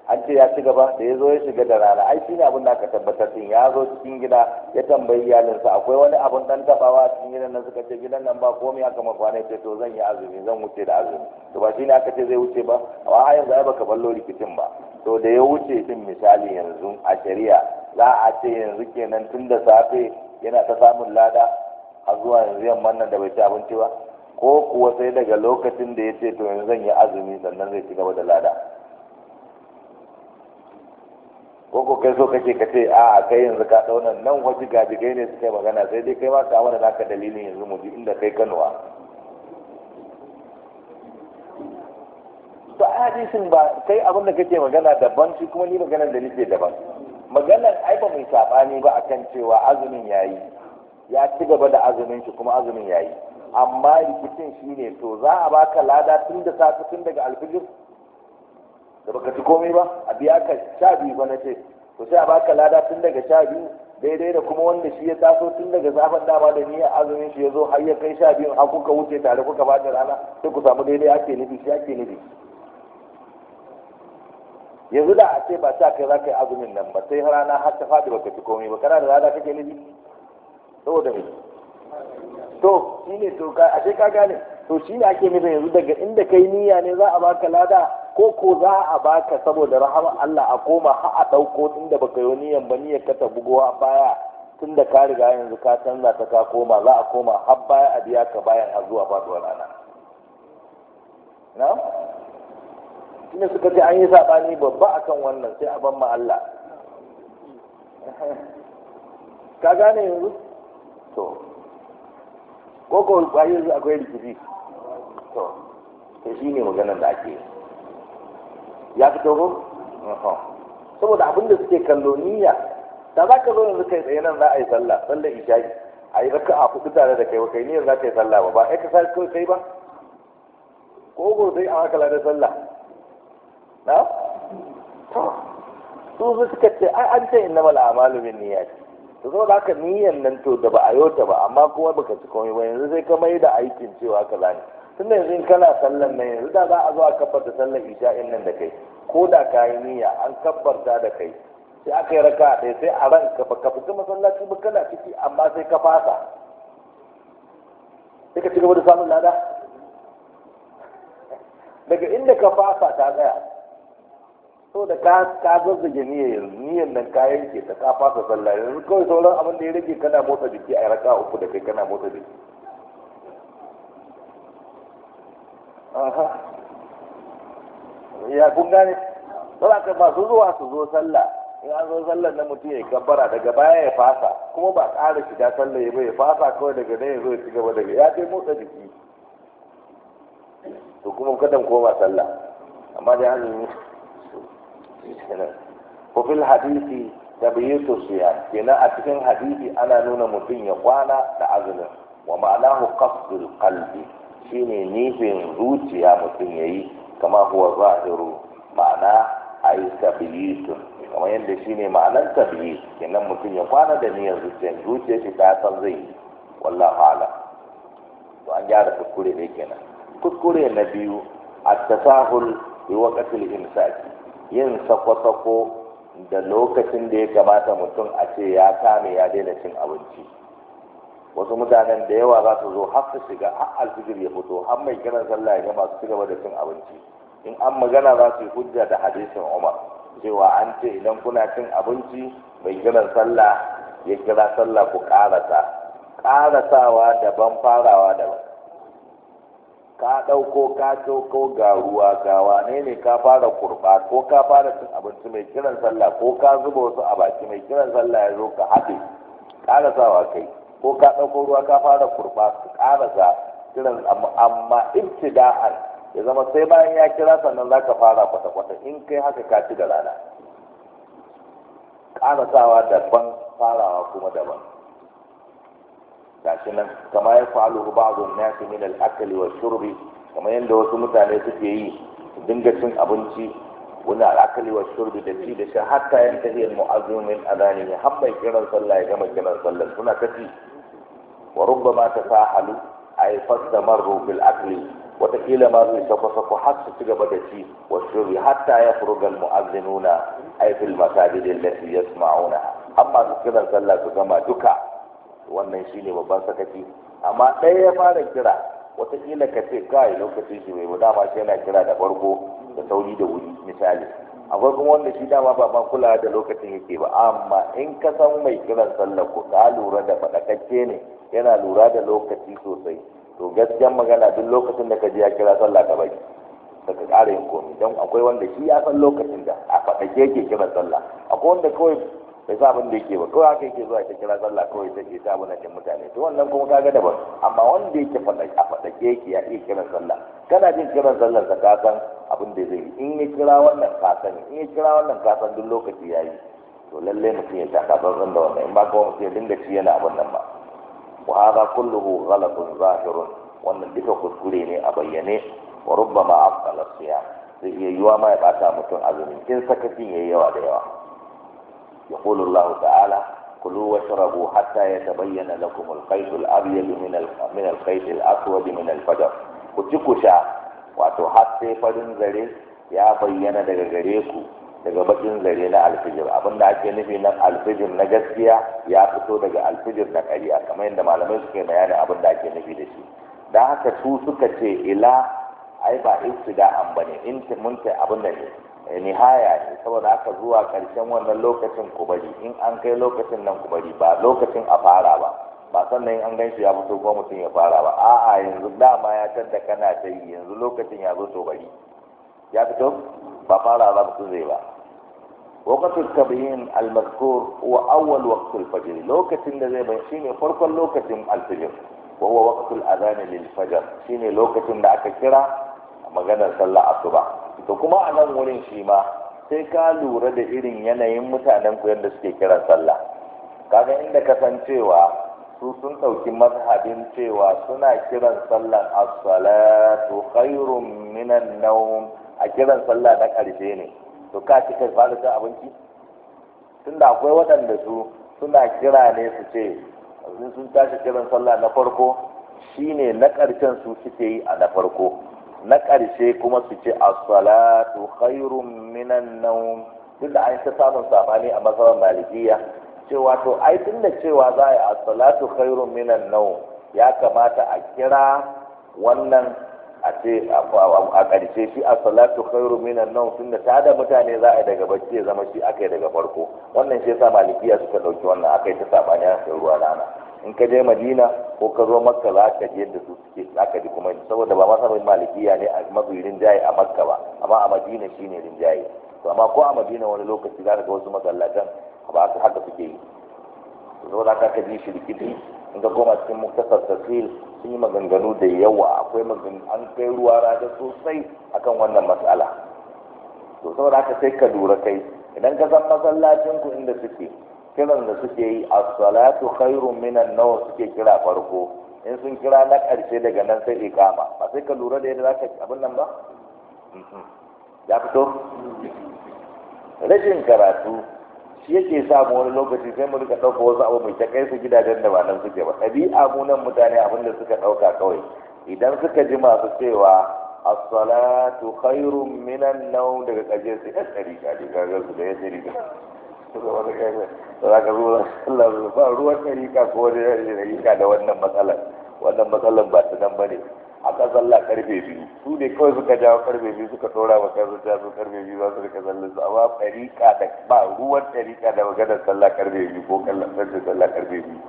[SPEAKER 1] an ce ya ci gaba da ya zo ya shiga da rana ai shine abin da aka tabbatar din ya zo cikin gida ya tambayi iyalinsa akwai wani abun dan tabawa a cikin gidan nan suka ce gidan nan ba komai aka mafana ya ce to zan yi azumi zan wuce da azumi to ba shine aka ce zai wuce ba amma a yanzu ai baka ballo rikicin ba to da ya wuce din misali yanzu a shari'a za a ce yanzu kenan tun da safe yana ta samun lada a zuwa yanzu yamman nan da bai ci abinci ba ko kuwa sai daga lokacin da ya ce to yanzu zan yi azumi sannan zai ci gaba da lada ko ko kai so kake ka ce a kai yanzu ka dauna nan ga jigai ne suka magana sai dai kai ma ka wani naka dalilin yanzu mu ji inda kai kanuwa to hadisin ba kai abin da kake magana daban shi kuma ni maganar da nake daban maganar ai ba mai sabani ba akan cewa azumin yayi ya ci gaba da azumin shi kuma azumin yayi amma rikicin shine to za a baka lada tun da safe tun daga alfijir da baka ci komai ba a biya ka sha biyu ba na ce to sai a baka lada tun daga sha biyu daidai da kuma wanda shi ya taso tun daga zafin dama da niyyar azumin shi ya zo har ya kai sha biyun har kuka wuce tare kuka da rana sai ku samu daidai ake nufi shi ake nufi yanzu da a ce ba sa kai za ka yi azumin nan ba sai rana har ta faɗi baka ci komai ba kana da rana kake nufi saboda me to shine to ka ashe ka gane to shine ake nufi yanzu daga inda kai niyya ne za a baka lada ko ko za a baka saboda rahama Allah a koma ha a ɗauko tunda baka yi niyan ba niyyar ka ta bugowa baya tunda ka riga yanzu ka canza ta ka koma za a koma har baya a biya ka bayan a zuwa faduwar rana na'am tunda suka ce an yi saɓani babba akan wannan sai a ban ma Allah ka gane yanzu to ko ko akwai rikici to to shine maganar da ake yi ya fito ko saboda abin da suke kallo niyya da za ka zo yanzu kai tsaye nan za a yi sallah sallar isha'i a yi raka a kuɗi tare da kai ba kai niyyar za ka yi sallah ba ba exercise kawai kai ba ko ko sai a haka lada sallah na su suka ce ai an ce mala a'malu bin niyyati to zo da haka niyyan nan to da ba a yota ba amma kuma baka ci komai ba yanzu sai ka mai da aikin cewa ka ne tun da yanzu kana sallan nan yanzu da za a zo a sallan ita isha'in nan da kai ko da ka yi niyya an ta da kai sai aka yi raka ɗaya sai a ran kafa ka fita masallaci ba kana ciki amma sai ka fasa sai ka ci gaba da samun lada daga inda ka fasa ta tsaya so da ka ka zazzage niyyar yanzu niyyar nan ka yanke ta ka fasa sallah yanzu kawai sauran abin da ya rage kana motsa jiki a raka uku da kai kana motsa jiki ya kun gane ba masu zuwa su zo sallah in an zo sallah na mutum ya kabbara daga baya ya fasa kuma ba ƙara shiga sallah ya bai fasa kawai daga nan ya zo ya ci gaba daga ya dai motsa jiki to kuma mu koma sallah amma dai yi ko fil hadisi tabyyitu siya kenan a cikin hadisi ana nuna mutum ya kwana da azumin wa ma'anahu qasdul qalbi shine nifin zuciya mutum ya yi kama huwa zahiru ma'ana ai tabiyitun kama yadda shi ne ma'anar tabiyi kenan mutum ya kwana da niyyar zuciya zuciya shi ta san zai yi wallahu ala to an gyara kuskure ne kenan kuskure na biyu at-tasahul bi waqtil imsaki yin sako-sako da lokacin da ya kamata mutum a ce ya kame ya daina cin abinci wasu mutanen da yawa za su zo har su shiga har alfijir ya fito har mai kiran sallah ya gama masu ci gaba da cin abinci in an magana za su yi hujja da hadisin umar cewa an ce idan kuna cin abinci mai kiran sallah ya kira sallah ku karasa karasawa daban farawa daban ka ɗauko ka ɗauko ga ruwa ga wane ne ka fara kurba ko ka fara cin abinci mai kiran sallah ko ka zuba wasu a baki mai kiran sallah ya zo ka haɗe karasawa kai ko ka ɗauko ruwa ka fara kurɓa ƙara za kiran amma ibtida'an ya zama sai bayan ya kira sannan za ka fara kwata-kwata in kai haka ka ci da rana sawa daban farawa kuma daban gashi nan kama ya falu ba'dun nasi min wa shurbi kama yadda wasu mutane suke yi su dinga cin abinci wani al'akali wa shurbi da ci da sha hatta yan tahiyar mu'azumin adani ya mai kiran sallah ya gama kiran sallah suna kati. wa rubbama tasahalu ay fastamaru bil akli watakila ma zai sako-sako har su ci gaba da ci wa shirri hatta ya furuga mu'azzinuna ay fil masajid allati yasma'una amma su sallah su gama duka wannan shine babban sakaci amma ɗaya ya fara kira watakila ka ce kai lokacin shi mai dama yana kira da farko da sauri da wuri misali akwai kuma wanda shi dama ba ma kula da lokacin yake ba amma in ka san mai kiran sallah ko lura da faɗakakke ne yana lura da lokaci sosai to gaskiya magana duk lokacin da ka ji ya kira sallah ka bari ka ƙara yin komi don akwai wanda shi ya san lokacin da a faɗake yake kiran sallah akwai wanda kawai bai sa abin da yake ba kawai haka yake zuwa ya kira sallah kawai ta ke sa abin mutane to wannan kuma kaga daban amma wanda yake a faɗake yake ya iya kiran sallah kana jin kiran sallar ka san abin da zai yi in ya kira wannan ka san, in ya kira wannan ka san duk lokaci ya yi to lallai mutum ya taka tsantsan da wannan in ba kawai mutum ya dinga ci yana abin nan ba وهذا كله غلط ظاهر wannan duka kuskure ne a bayyane wa rubba ma afdala siya zai iya yiwa ma ya bata mutum azumin in sakacin yayi yawa da yawa ya qulu ta'ala kulu wa shrabu hatta yatabayyana lakum al-qayd al-abyad min al-min al-qayd al-aswad min al qayd al ku ci ku sha wato har sai farin gare ya bayyana daga gare ku daga bakin zare na alfijir abinda ake nufi na alfijir na gaskiya ya fito daga alfijir na ƙarya kamar yadda malamai suke bayanin abinda ake nufi da shi don haka su suka ce ila ai ba an bane in mun ta abin da ne eh, nihaya ne saboda haka zuwa ƙarshen wannan lokacin kubari in an kai lokacin nan kubari ba lokacin a fara ba ba sannan an gan shi ya fito ko mutum ya fara ba a'a yanzu dama ya tadda kana ta yi yanzu lokacin ya zo to bari ya fito ba fara za zai ba waqtul tabiyin al-mazkur wa awwal Fajar lokacin da zai ban shine farkon lokacin al-fajr wa huwa waqtul adhan lil fajr shine lokacin da aka kira maganar sallah asuba da kuma a nan wurin shi ma sai ka lura da irin yanayin mutanen ku yadda suke kiran sallah kaga inda kasancewa su sun ɗauki mazhabin cewa suna kiran sallan as-salatu khairun minan a kiran sallah na ƙarshe ne to ka ci kai fara cin abinci tunda akwai waɗanda su suna kira ne su ce sun tashi kiran sallah na farko shine na ƙarshen su suke yi a na farko na ƙarshe kuma su ce as-salatu khairum minan nawm tunda an ta samun sabani a masarar malikiya cewa to ai tunda cewa za a yi as-salatu khairum minan nawm ya kamata a kira wannan a ce a ƙarshe shi a salatu khairu minan nan tun da ta da mutane za a yi daga bacci ya zama shi aka yi daga farko wannan shi yasa malikiya suka ɗauki wannan aka yi ta sabani a kai ruwa rana in ka je madina ko ka zo makka za ka je yadda su suke za ka ji kuma saboda ba masa malikiya ne a mafi rinjaye a makka ba amma a madina shi ne rinjaye to amma ko a madina wani lokaci za ka ga wasu masallatan ba haka suke yi za ka ji shi rikici ga goma koma cikin muktasar tafiyar sun yi maganganu da yawa akwai an kai ruwa rada sosai akan wannan matsala to saboda haka sai ka lura kai idan ka san masallacin ku inda suke kiran da suke yi a salatu khairun minan nawa suke kira farko in sun kira na karshe daga nan sai ikama ba sai ka lura da yadda zaka abin nan ba ya fito rashin karatu yake yake samu wani lokaci sai mu rika ɗauka wasu abu mai ta kai su gidajen da ba nan suke ba ɗabi'a mu nan mutane abin da suka ɗauka kawai idan suka ji masu cewa as-salatu minan nawm daga kaje su ɗan ɗari ka ji kaga su da ya ɗari ka za ka zo ba ruwan ɗari ka ko da ɗari ka da wannan matsalar wannan matsalar ba ta nan ba ne aka zalla karfe biyu su ne kawai suka jawo karfe biyu suka tsora wa kan zuciya su karfe biyu za su rika zallin su amma ɗariƙa da ba ruwan ɗariƙa da maganar sallah karfe biyu ko kallon sallah karfe biyu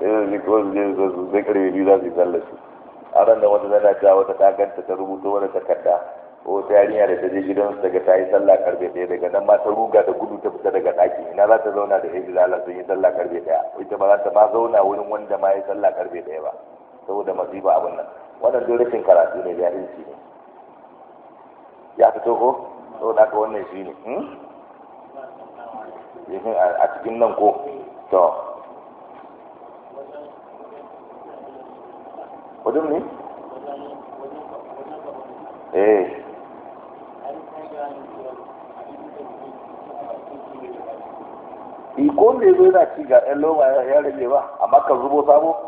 [SPEAKER 1] sai su kawai su je su sai karfe biyu za su yi sallar su a ran da wata zana ta wata ta ganta ta rubuta wani takarda ko ta yarinya da ta je su daga ta yi sallah karfe ɗaya daga nan ma ta ruga da gudu ta fita daga ɗaki ina za ta zauna da ya bilala sun yi sallah karfe ɗaya ita ba za ta ma zauna wurin wanda ma ya sallah karfe ɗaya ba saboda masifa abin nan wannan dole rashin karatu ne jahilci ne ya fito ko saboda haka wannan shi ne hmm? yakin a cikin nan ko to kudin ne eh iko ne zo yana ci ga ɗan lomar yare ne ba amma ka zubo sabo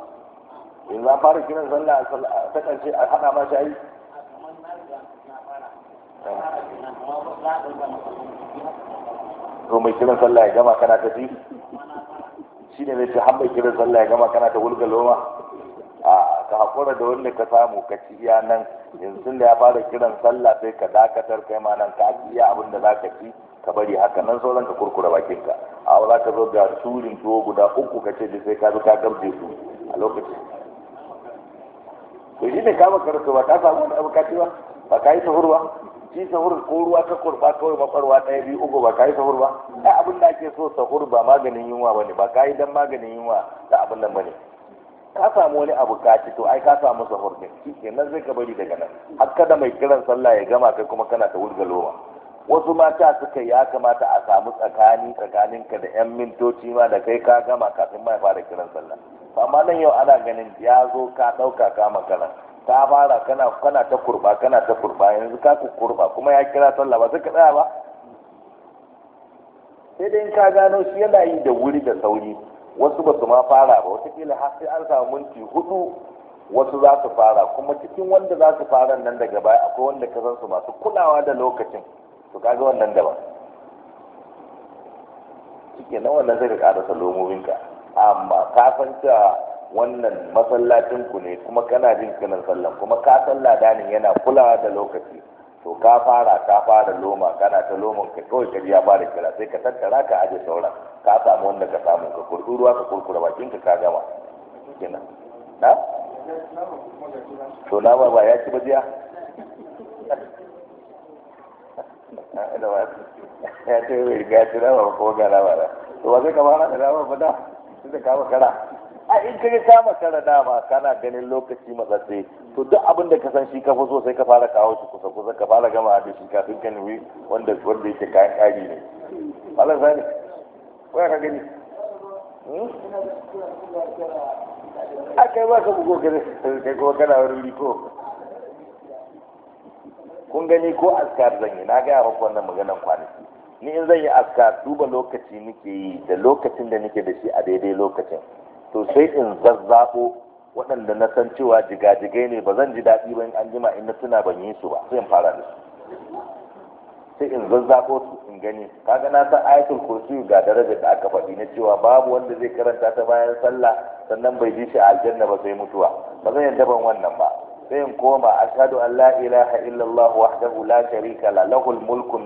[SPEAKER 1] yanzu an fara kiran sallah ta ƙarshe a hana ma shayi to mai kiran sallah ya gama kana ta fi shi ne mai ce har mai kiran sallah ya gama kana ta wulga loma a ka haƙura da wanda ka samu ka ci iya nan yanzu da ya fara kiran sallah sai ka dakatar kai ma nan ka ci iya abin da za ka ci ka bari haka nan sauran ka kurkura bakinka a za ka zo ga surin tuwo guda uku ka ce sai ka zo ka gamfe su a lokacin to shi ne kama karatu ba ta samu wani abu kaci ba ba ka yi sahur ba shi sahur ko ruwa ka kurba kawai mafarwa ɗaya biyu uku ba ka yi sahur ba ai abin da ake so sahur ba maganin yunwa ba ne ba ka yi dan maganin yunwa da abin nan ba ne ka samu wani abu ka ci to ai ka samu sahur ne shi nan zai ka bari daga nan har kada mai kiran sallah ya gama kai kuma kana ta wurga loma wasu mata suka ya kamata a samu tsakani tsakaninka da 'yan mintoci ma da kai ka gama kafin ma ya fara kiran sallah amma nan yau ana ganin ya zo ka ɗauka ka magana ta fara kana kana ta kurba kana ta kurba yanzu ka ku kurba kuma ya kira sallah ba zaka ka tsaya ba sai dai ka gano shi yana yi da wuri da sauri wasu ba su ma fara ba kila har sai an samu minti hudu wasu za su fara kuma cikin wanda za su fara nan daga baya akwai wanda ka san su masu kulawa da lokacin to kaga wannan daban kike nan wannan zai ka ƙarasa lomobinka amma ka san cewa wannan masallacin ku ne kuma kana jin kana sallan kuma ka san ladanin yana kulawa da lokaci to ka fara ka fara loma kana ta loman ka kawai ka ya fara kira sai ka tattara ka aje sauran ka samu wanda ka samu ka kurkuru ruwa ka kurkura bakin ka ka gama kenan na to na ba ba ya ci bajiya ya ce wai ci na ba ko ga na ba to ba zai ka fara da na ba da da ka makara a in kai ka makara dama kana ganin lokaci matsatse to duk abin da ka san shi ka so sai ka fara kawo shi kusa kusa ka fara gama da shi kafin ka nemi wanda wanda yake kayan kari ne Allah zani waya ka gani hmm? a kai ba ka bugo kai ko kana wani liko. kun gani ko askar zan yi na gaya maka wannan maganan kwanaki ni in zan yi aska duba lokaci nake yi da lokacin da nake da shi a daidai lokacin to sai in zazzabo waɗanda na san cewa jigajigai ne ba zan ji daɗi ba in an jima in na tuna ban yi su ba sai in fara da su sai in zazzabo su in gani kaga na san ayatul kursi ga darajar da aka faɗi na cewa babu wanda zai karanta ta bayan sallah sannan bai ji shi a aljanna ba sai mutuwa ba zan yadda ban wannan ba sai in koma ashhadu an la ilaha illallah wahdahu la sharika la lahul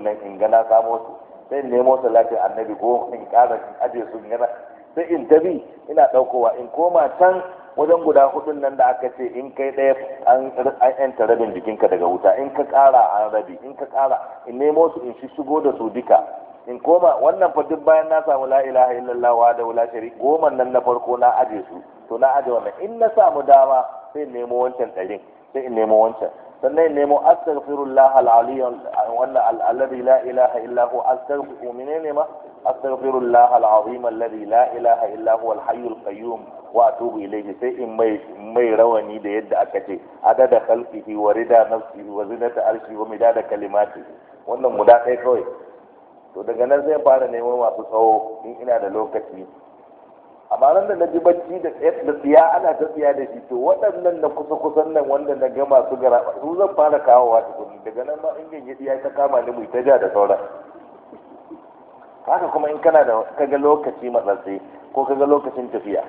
[SPEAKER 1] nan in ga na samo sai in nemo salatin annabi ko in ƙara in aje su in yana sai in tabi ina ɗaukowa in koma can wajen guda hudun nan da aka ce in kai ɗaya an yanta rabin jikinka daga wuta in ka ƙara an rabi in ka ƙara in nemo su in shi shigo da su duka in koma wannan fa duk bayan na samu la ilaha illallah wa da wala shari goma nan na farko na aje su to na aje wannan in na samu dama sai in nemo wancan ɗarin sai in nemo wancan sannan nemo astaghfirullah al-ali wannan alladhi la ilaha illa hu astaghfiru ne ma astaghfirullah al-azim alladhi la ilaha illa hu al-hayy a qayyum wa atubu ilayhi sai in mai mai rawani da yadda aka ce adada khalqihi wa rida nafsihi wa zinata arshi wa midada kalimati wannan mu da kai kawai to daga nan zai fara nemo masu tsawo in ina da lokaci amma nan da na ji bacci da da tsiya ana ta tsiya da shi to waɗannan na kusa kusan nan wanda na ga masu gara su zan fara kawowa tukuni daga nan ma in ganye tsiya ta kama ni mu ta ja da sauran haka kuma in kana da kaga lokaci matsatsi ko kaga lokacin tafiya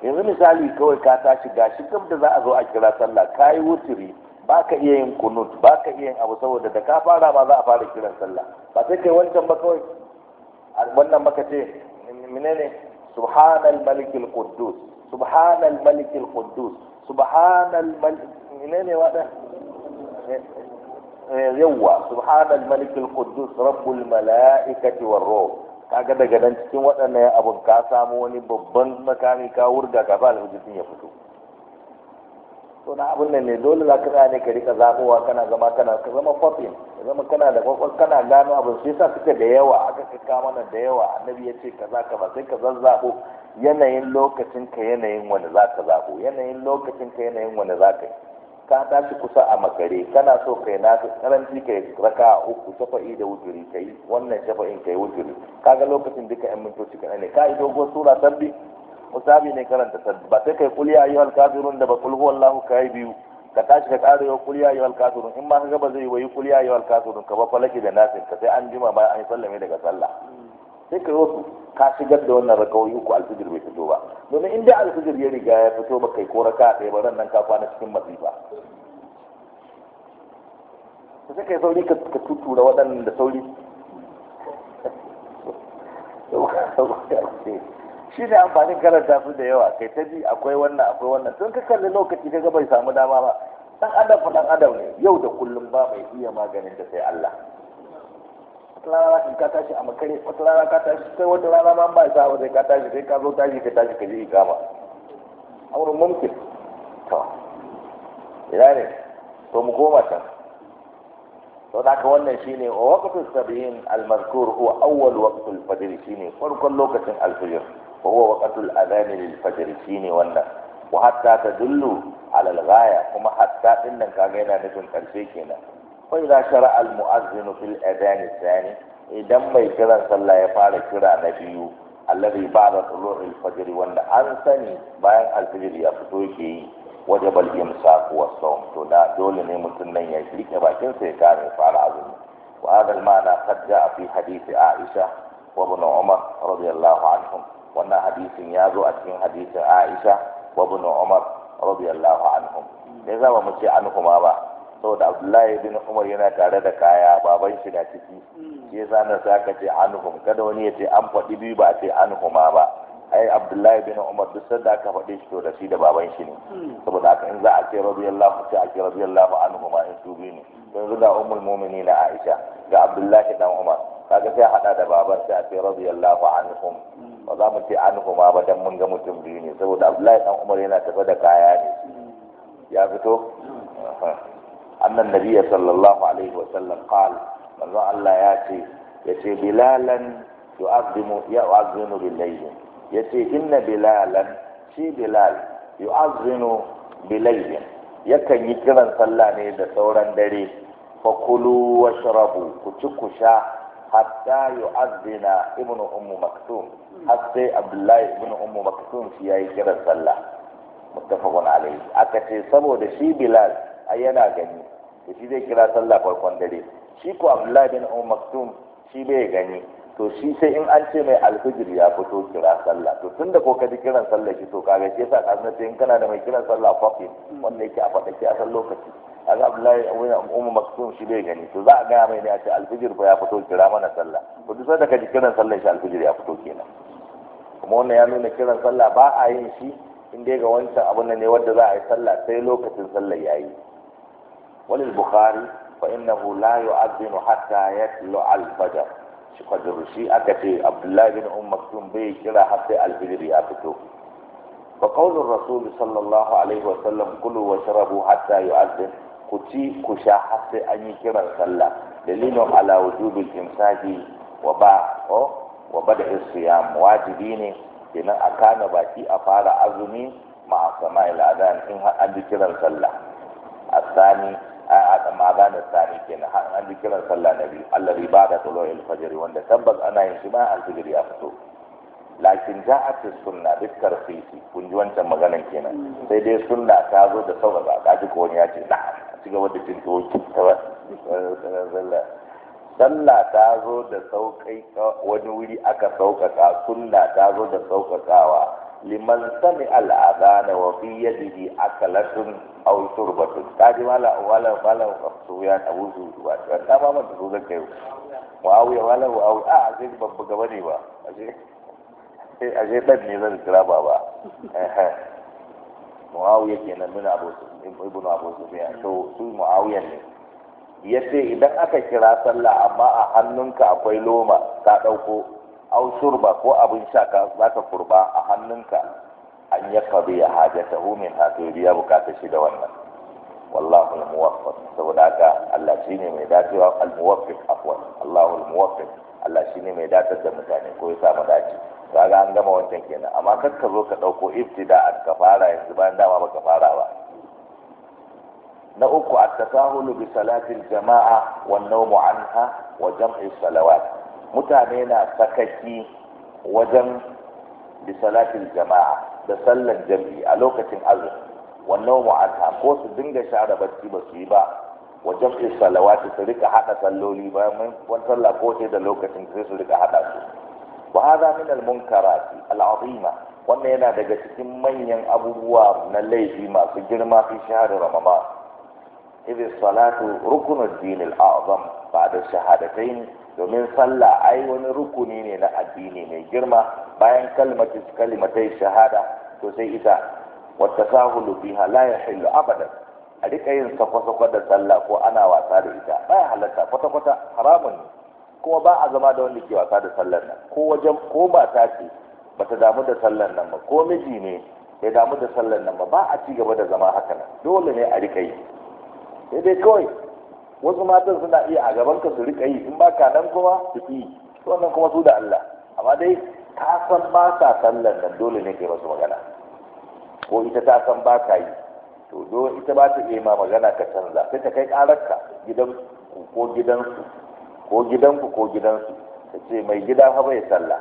[SPEAKER 1] yanzu misali kawai ka tashi gashi kam da za a zo a kira sallah ka yi wuturi ba ka iya yin kunut ba ka iya yin abu saboda da ka fara ma za a fara kiran sallah ba sai kai wancan ba kawai wannan ba ka ce menene subhanal malikil quddus subhanal malikil quddus subhanal malik menene wada eh, eh, yawwa subhanal malikil quddus rabbul malaikati war ruh kaga daga cikin waɗannan abun ka samu wani babban makami ka wurga ka ba ya fito to na abin nan ne dole za ka tsaya ne ka rika zaɓowa kana zama kana ka zama fafin ka zama kana da kwakwal kana gano abin sai sa suka da yawa aka kaka mana da yawa annabi ya ce kaza ba sai ka zazzaɓo yanayin lokacin ka yanayin wani za ka zaɓo yanayin lokacin ka yanayin wani za ka yi ka tashi kusa a makare kana so kai nasu karanci kai raka uku shafa'i da wujuri kai wannan shafa'in yi wujuri ka ga lokacin duka yan mintoci kaɗan ne ka yi dogon sura sabbi musabi ne karanta ta ba sai kai kul ya ayyuhal kafirun da ba kul huwallahu kai biyu ka tashi ka ƙara yau kul ya ayyuhal kafirun in ma ka ba zai yi kul ya ayyuhal kafirun ka ba falaki da nasin ka sai an jima ba an yi sallame daga sallah sai ka wasu ka shigar da wannan rakawoyi uku alfijir bai fito ba domin in dai alfijir ya riga ya fito ba kai kora ka ɗaya ba nan ka kwana cikin masifa ka sai kai sauri ka tutura waɗannan da sauri shi ne amfanin karanta su da yawa kai ta ji akwai wannan akwai wannan sun ka kalli lokaci kaga bai samu dama ba dan adam fa dan adam ne yau da kullum ba mai iya maganin da sai Allah wata rana in ka tashi a makare wata rana ka tashi sai wata rana ma ba sa wata ka tashi sai ka zo tashi ka tashi ka je ikama auren mumkin to ina ne to mu koma ta. to da haka wannan shine waqtu sabihin al-mazkur huwa awwal waqtul fajr shine farkon lokacin al-fajr wa huwa waqtul adhan shine wannan wa hatta tadullu ala kuma hatta din nan kaga yana nufin karshe kenan fa idza shara'a al mu'azzin fil adhan thani idan mai kiran sallah ya fara kira na biyu alladhi ba'da tulu'il fajr wanda an sani bayan alfijir ya fito yake yi wajaba al imsak wa sawm to da dole ne mutum nan ya rike bakin ya kare fara azumi wa hadha al ma'na qad ja'a fi hadith aisha wa ibn umar radiyallahu anhum wannan hadisin ya zo a cikin hadisin Aisha wa ibn Umar radiyallahu anhum ne za mu ce anhuma ba saboda abdullahi bin umar yana tare da kaya baban shi na ciki ya zana sa ka ce anhum kada wani ya ce an faɗi biyu ba a ce anhuma ba ai abdullahi bin umar duk sanda aka faɗi shi to da shi da baban shi ne saboda haka in za a ce radiyallahu sai a ce radiyallahu anhuma in su biyu ne yanzu ga ummul na aisha ga abdullahi dan umar kaga sai hada da baban sai a ce radiyallahu anhum ba za mu ce anhuma ba dan mun ga mutum biyu ne saboda abdullahi dan umar yana tafe da kaya ne ya fito hmm. annan nabiyya sallallahu alaihi wa sallam qala manzo Allah ya ce yace bilalan yu'azzimu ya'azzimu bil layl yace inna bilalan shi bilal yu'azzinu bil layl yakan yi kiran sallah ne da sauran dare fa kulu washrabu ku ci ku sha hatta yu'azzina ibnu ummu maktum har abdullahi ibnu ummu maktum shi yayi kiran sallah muttafaqun alayhi aka ce saboda shi bilal ai yana gani da shi zai kira sallah farkon dare shi ko abdullahi bin umar maktum shi bai gani to shi sai in an ce mai alfijir ya fito kira sallah to tunda ko ka ji kiran sallah shi to kaga shi yasa kasan sai in kana da mai kiran sallah fafi wanda yake a fadake a san lokaci kaga abdullahi bin umar maktum shi bai gani to za a gaya mai ne a ce alfijir ba ya fito kira mana sallah to duk sanda ka ji kiran sallah shi alfijir ya fito kenan kuma wannan ya nuna kiran sallah ba a yin shi in dai ga wancan abun nan ne wanda za a yi sallah sai lokacin sallah yayi وللبخاري فإنه لا يؤذن حتى يطلع الفجر فجر شيء أكتي عبد الله بن أم مكتوم به كلا حتى الفجر يأكتو فقول الرسول صلى الله عليه وسلم كلوا واشربوا حتى يؤذن كتي كشا حتى أن يكرا صلى دليل على وجوب الإمساك وباء وبدء الصيام واجبين kenan a kana baki a fara azumi ma'a sama'il adan in har an ji kiran sallah asani a maganar sani kenan an ji kiran sallah na biyu Allah riba da tsalo alfajr wanda tabbas ana yin shi ma alfajr ya fito lakin ja'at sunna bi shi, kun ji wancan maganan kenan sai dai sunna ta zo da sauƙaƙa, ka ji ko wani ya ce na a ci gaba da cin tuwo sallah ta zo da sauƙai wani wuri aka sauƙaƙa sunna ta zo da sauƙaƙawa liman sami al'adana wa fi yadihi akalatun aw turbatun kaji wala wala wala suyan abu su ba ta ba man su kai wa ya wala wa awiya a zai babba gaba ne ba a eh, sai dan ne zan kira ba ba ya kenan min abu ibnu abu sufyan to su muawiya ne yace idan aka kira sallah amma a hannunka akwai loma ka dauko aw shurba ko abin sha ka zaka kurba a hannunka an yaqdi hajatahu min hadiya bukata shi da wannan wallahu almuwaffiq saboda haka Allah shine mai dacewa almuwaffiq afwan Allahu almuwaffiq Allah shine mai datar da mutane ko ya sa mu dace kaga an gama wancan kenan amma kar ka zo ka dauko ibtida'an ka fara yanzu bayan dama baka fara ba na uku at-tasahulu bi salatil jama'a wan nawmu anha wa jam'i salawat mutane na sakaki wajen bisalatin jama'a da sallar jam'i a lokacin azumi wannan mu'ata ko su dinga share bacci ba su yi ba wa jam'i salawati su rika haɗa salloli bayan mun sallah ko sai da lokacin sai su rika su wa hadha min al munkarati al azima wannan yana daga cikin manyan abubuwa na laifi masu girma fi shahadar ramadan idh salatu rukunu ad-din al a'zam ba'da shahadatayn domin sallah ai wani rukuni ne na addini mai girma bayan kalmatu shahada to sai ita wata sahulu biha la yahillu abadan a rika yin sakwa-sakwa da sallah ko ana wasa da ita baya halatta kwata-kwata haramun kuma ba a zama da wanda ke wasa da sallar nan ko wajen ko ba ta ce ba ta damu da sallar nan ba ko miji ne ya damu da sallar nan ba ba a ci gaba da zama haka nan dole ne a rika yi sai dai kawai wasu matan suna iya a gaban ka su rika yi in baka nan kuma su yi to wannan kuma su da Allah amma dai ka san ba ta sallan nan dole ne kai masu magana ko ita ta san ba ka yi to do ita ba ta iya ma magana ka canza sai ta kai ƙararka gidan ko su ko gidanku ko gidansu ta ce mai gida fa bai sallah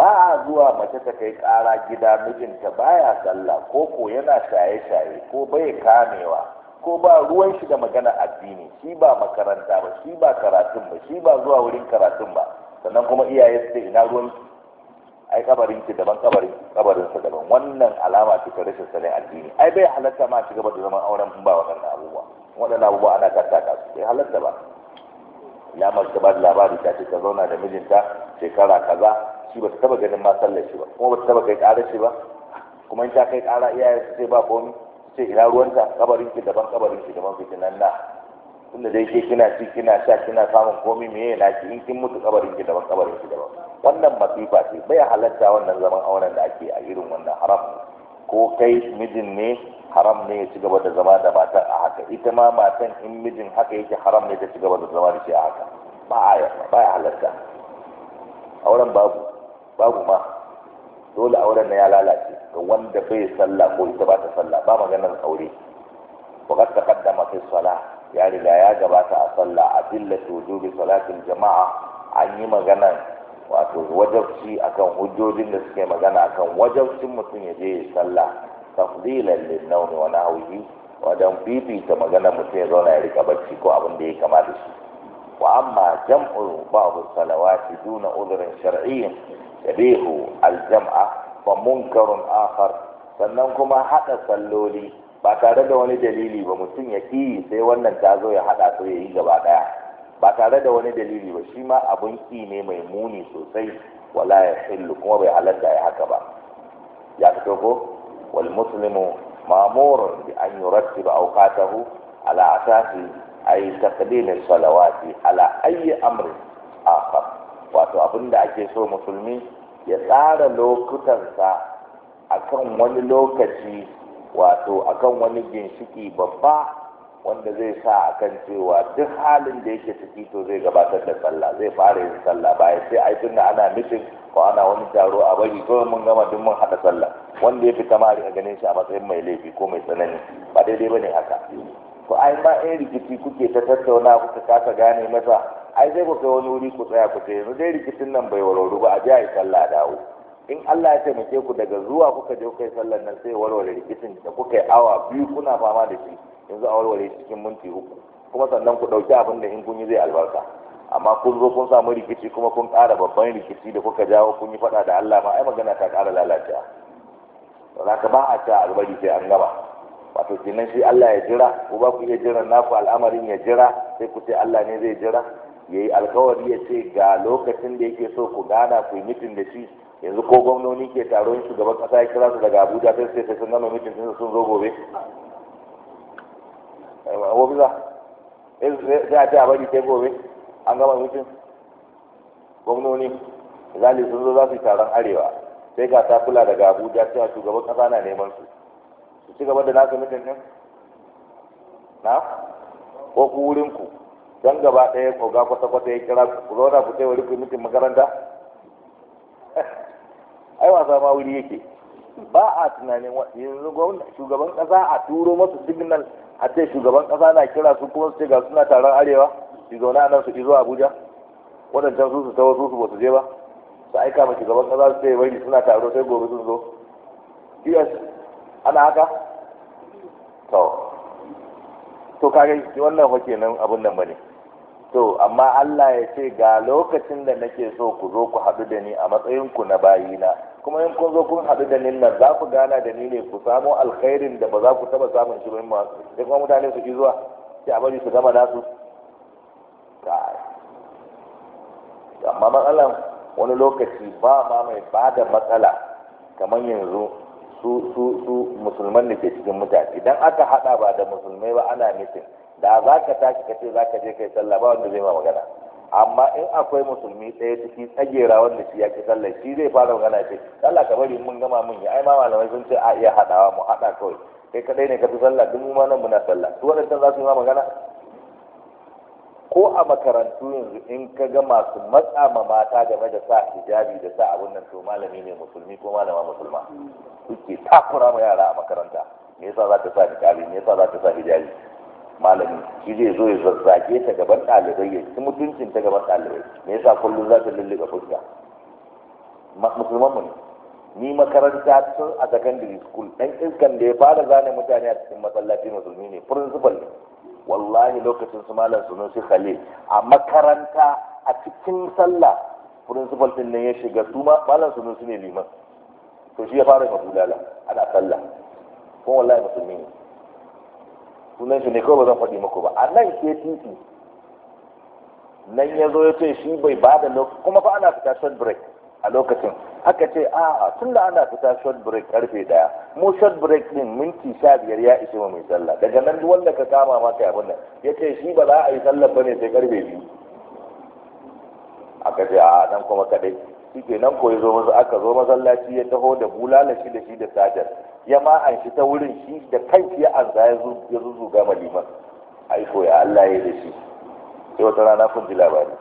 [SPEAKER 1] ba a zuwa mace ta kai kara gida mijinta baya sallah ko ko yana shaye-shaye ko bai kamewa ko ba ruwan shi da magana addini shi ba makaranta ba shi ba karatun ba shi ba zuwa wurin karatun ba sannan kuma iyaye su ce ina ruwan ai kabarin ki daban kabarin kabarin sa daban wannan alama ce ta rashin sanin addini ai bai halatta ma ci gaba da zaman auren in ba waɗannan abubuwa waɗannan abubuwa ana kattaka su bai halatta ba ya mace ba da labari ta ce ta zauna da mijinta shekara kaza shi ba ta taba ganin ma sallar shi ba kuma ba ta taba kai ƙara shi ba kuma in ta kai ƙara iyaye su ce ba komi sai ina ruwanta kabarin ki daban kabarin ki daban fitinan na tunda dai ke kina ci kina sha kina samun komai me yana ki in kin mutu kabarin ki daban kabarin ki daban wannan masifa ce bai halatta wannan zaman auren da ake a irin wannan haram ko kai mijin ne haram ne ya ci gaba da zama da matar a haka ita ma matan in mijin haka yake haram ne ta ci gaba da zama da shi a haka ba a ba ya halatta auren babu babu ma dole auren na ya lalace ga wanda bai sallah ko ita ba ta sallah ba maganar aure وقد تقدم في الصلاة gabata a sallah a أدلة وجوب صلاة jama'a an yi magana wato wajabci akan hujjojin da suke magana akan wajabcin mutum ya je ya sallah tafdilan lin wani wa nahwihi wadan fifita maganar mutum ya zauna ya rika bacci ko abin da ya kamata da shi wa amma jam'u ba'd salawati duna udhrin shar'iyyin yabihu al-jam'a wa munkarun akhar sannan kuma hada salloli ba tare da wani dalili ba mutum ya ki sai wannan ta zo ya hada su ya yi gaba daya ba tare da wani dalili ba shi ma abun ki ne mai muni sosai wala ya hillu kuma bai halarta ya haka ba ya fito ko wal muslimu mamur bi an yurattiba awqatahu ala asasi ay taqdim salawati ala ayyi amrin akhar wato abinda ake so musulmi ya tsara lokutansa a kan wani lokaci wato a kan wani ginshiki babba wanda zai sa a kan cewa duk halin da yake ciki to zai gabatar da sallah zai fara yin sallah bayan sai ai tunda ana mitin ko ana wani taro a bari ko mun gama duk mun hada sallah wanda ya fita mari a ganin shi a matsayin mai laifi ko mai tsanani ba daidai bane haka to ai ba ɗaya rikici kuke ta tattauna kuka kasa gane masa ai sai ku kai wani wuri ku tsaya ku ce yanzu dai rikicin nan bai warwaru ba a ji a yi sallah dawo in Allah ya taimake ku daga zuwa kuka je kai sallar nan sai warware rikicin da kuka yi awa biyu kuna fama da shi yanzu a warware cikin minti uku kuma sannan ku ɗauki abin da in kun yi zai albarka amma kun zo kun samu rikici kuma kun ƙara babban rikici da kuka jawo kun yi faɗa da Allah ma ai magana ta ƙara lalacewa don haka ba a ta albari sai an gama wato kenan shi Allah ya jira ku ba ku iya jiran naku al'amarin ya jira sai ku ce Allah ne zai jira ya yi alkawari ya ce ga lokacin da yake so ku gana ku yi mitin da shi yanzu ko gwamnoni ke taron shugaban kasa ya kira su daga abuja sai sai sun gama mitin sun sun zo gobe wabiza eh, sai a ce a bari sai gobe an gama mitin gwamnoni zali sun zo za su yi taron arewa sai ga ta kula daga abuja cewa shugaban kasa na neman su su ci gaba da nasu mitin din na ko ku wurin ku don gaba ɗaya koga kwata-kwata ya kira ku zo na ku sai wani kwamitin makaranta ai wasa ma wuri yake ba a tunanin yanzu shugaban ƙasa a turo masu signal a ce shugaban ƙasa na kira su kuma su ce ga suna taron arewa su zauna nan su izo abuja waɗancan su su tawo su su ba su je ba su aika ma shugaban ƙasa su ce wai suna taro sai gobe sun zo us ana haka to to kage wannan fa kenan abun nan bane to amma Allah ya ce ga lokacin da nake so ku zo ku haɗu da ni a matsayin ku na bayina kuma in kun zo kun haɗu da ni nan za ku gana da ni ne ku samo alkhairin da ba za ku taɓa samun shi ba sai kuma mutane su ji zuwa sai a bari su gama nasu amma matsalan wani lokaci ba ma mai bada matsala kamar yanzu su su su musulman da ke cikin mutane idan aka haɗa ba da musulmai ba ana nufin da za ka tashi ka ce za ka je kai sallah ba wanda zai ma magana amma in akwai musulmi ɗaya ciki tsagera wanda shi ya ki sallah shi zai fara magana ce sallah ka bari mun gama mun yi ai ma malamai sun ce a iya haɗawa mu haɗa kawai kai kaɗai ne ka fi sallah duk mu ma nan muna sallah to wannan za su yi ma magana ko a makarantu yanzu in ka ga masu matsa ma mata game da sa hijabi da sa abun nan to malami ne musulmi ko malama musulma suke takura ma yara a makaranta me yasa za ta sa hijabi me yasa za ta sa hijabi malami shi zai zo ya zazzage ta gaban ɗalibai ya ci mutuncin ta gaban ɗalibai me yasa kullum za ta lulluɓe fuska musulman mu ne ni makaranta tun a secondary school ɗan iskan da ya fara zane mutane a cikin masallaci musulmi ne principal ne wallahi lokacin su malam shi khalil a makaranta a cikin sallah principal din nan ya shiga su ma malam su ne liman to shi ya fara lala ana sallah ko wallahi musulmi ne sunan shi ne kawai ba zan faɗi muku ba a nan ke nan ya zo ya ce shi bai ba da lokaci kuma fa ana fita short break a lokacin aka ce a tun da ana fita short break karfe daya mu short break din minti sha biyar ya ishe mu mai sallah daga nan wanda ka kama maka abin nan ya ce shi ba za a yi sallah ne sai karfe biyu aka ce a nan kuma kaɗai. shike nan ko ya zo masa aka zo masallaci ya taho da bulala shi da shi da sajar ya ma an shi ta wurin shi da kanki ya anza ya ya zuzuga maliman ai ko ya Allah ya da shi sai wata rana kun ji labari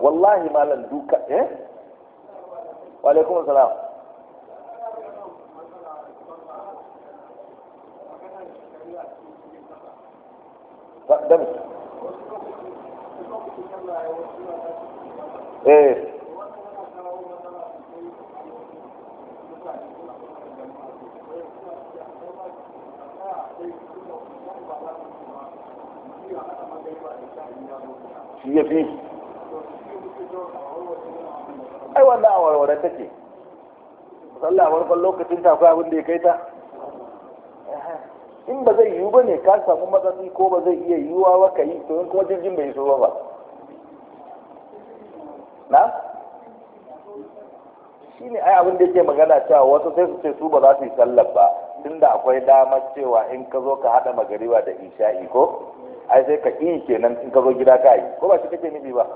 [SPEAKER 1] wallahi malam duka eh wa alaikum salam dami eh ai wanda a warware take farkon lokacin ta abin da ya kai ta in ba zai yiwu ba ne ka samu matsatsi ko ba zai iya yiwuwa ba ka yi to in kuma jirgin bai so ba na shi ne ai abin da yake magana cewa wasu sai su ce su ba za su yi sallar ba tunda akwai damar cewa in ka zo ka haɗa magariba da isha'i ko ai sai ka ƙi kenan in ka zo gida ka yi ko ba shi kake nufi ba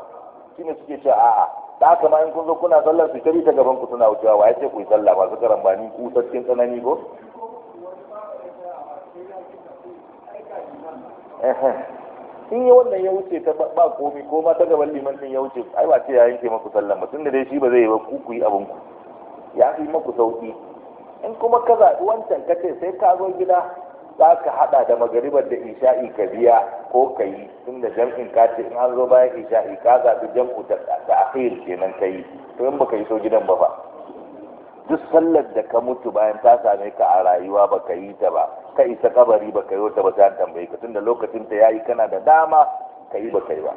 [SPEAKER 1] shi ne suke cewa a'a da haka ma in kun zo kuna sallar su shari ta gaban ku suna wucewa wa ya ce ku yi sallah masu karambani ku sassin tsanani ko in yi wannan ya wuce ta ba komi ko ma ta gaban liman din ya wuce ai ba ce ya yanke maku sallan ba da dai shi ba zai yi ba ku ku yi abin ku ya fi maku sauki in kuma ka zaɓi wancan ka ce sai ka zo gida za ka haɗa da magaribar da isha'i ka biya ko ka yi da jam'in ka ce in an zo bayan isha'i ka zaɓi jam'u da akhir kenan ka yi to in baka yi so gidan ba fa duk sallar da ka mutu bayan ta same ka a rayuwa ba ka yi ta ba ka isa kabari ba ka yi ta ba ta tambaye ka tunda lokacin ta yayi kana da dama ka yi ba ka ba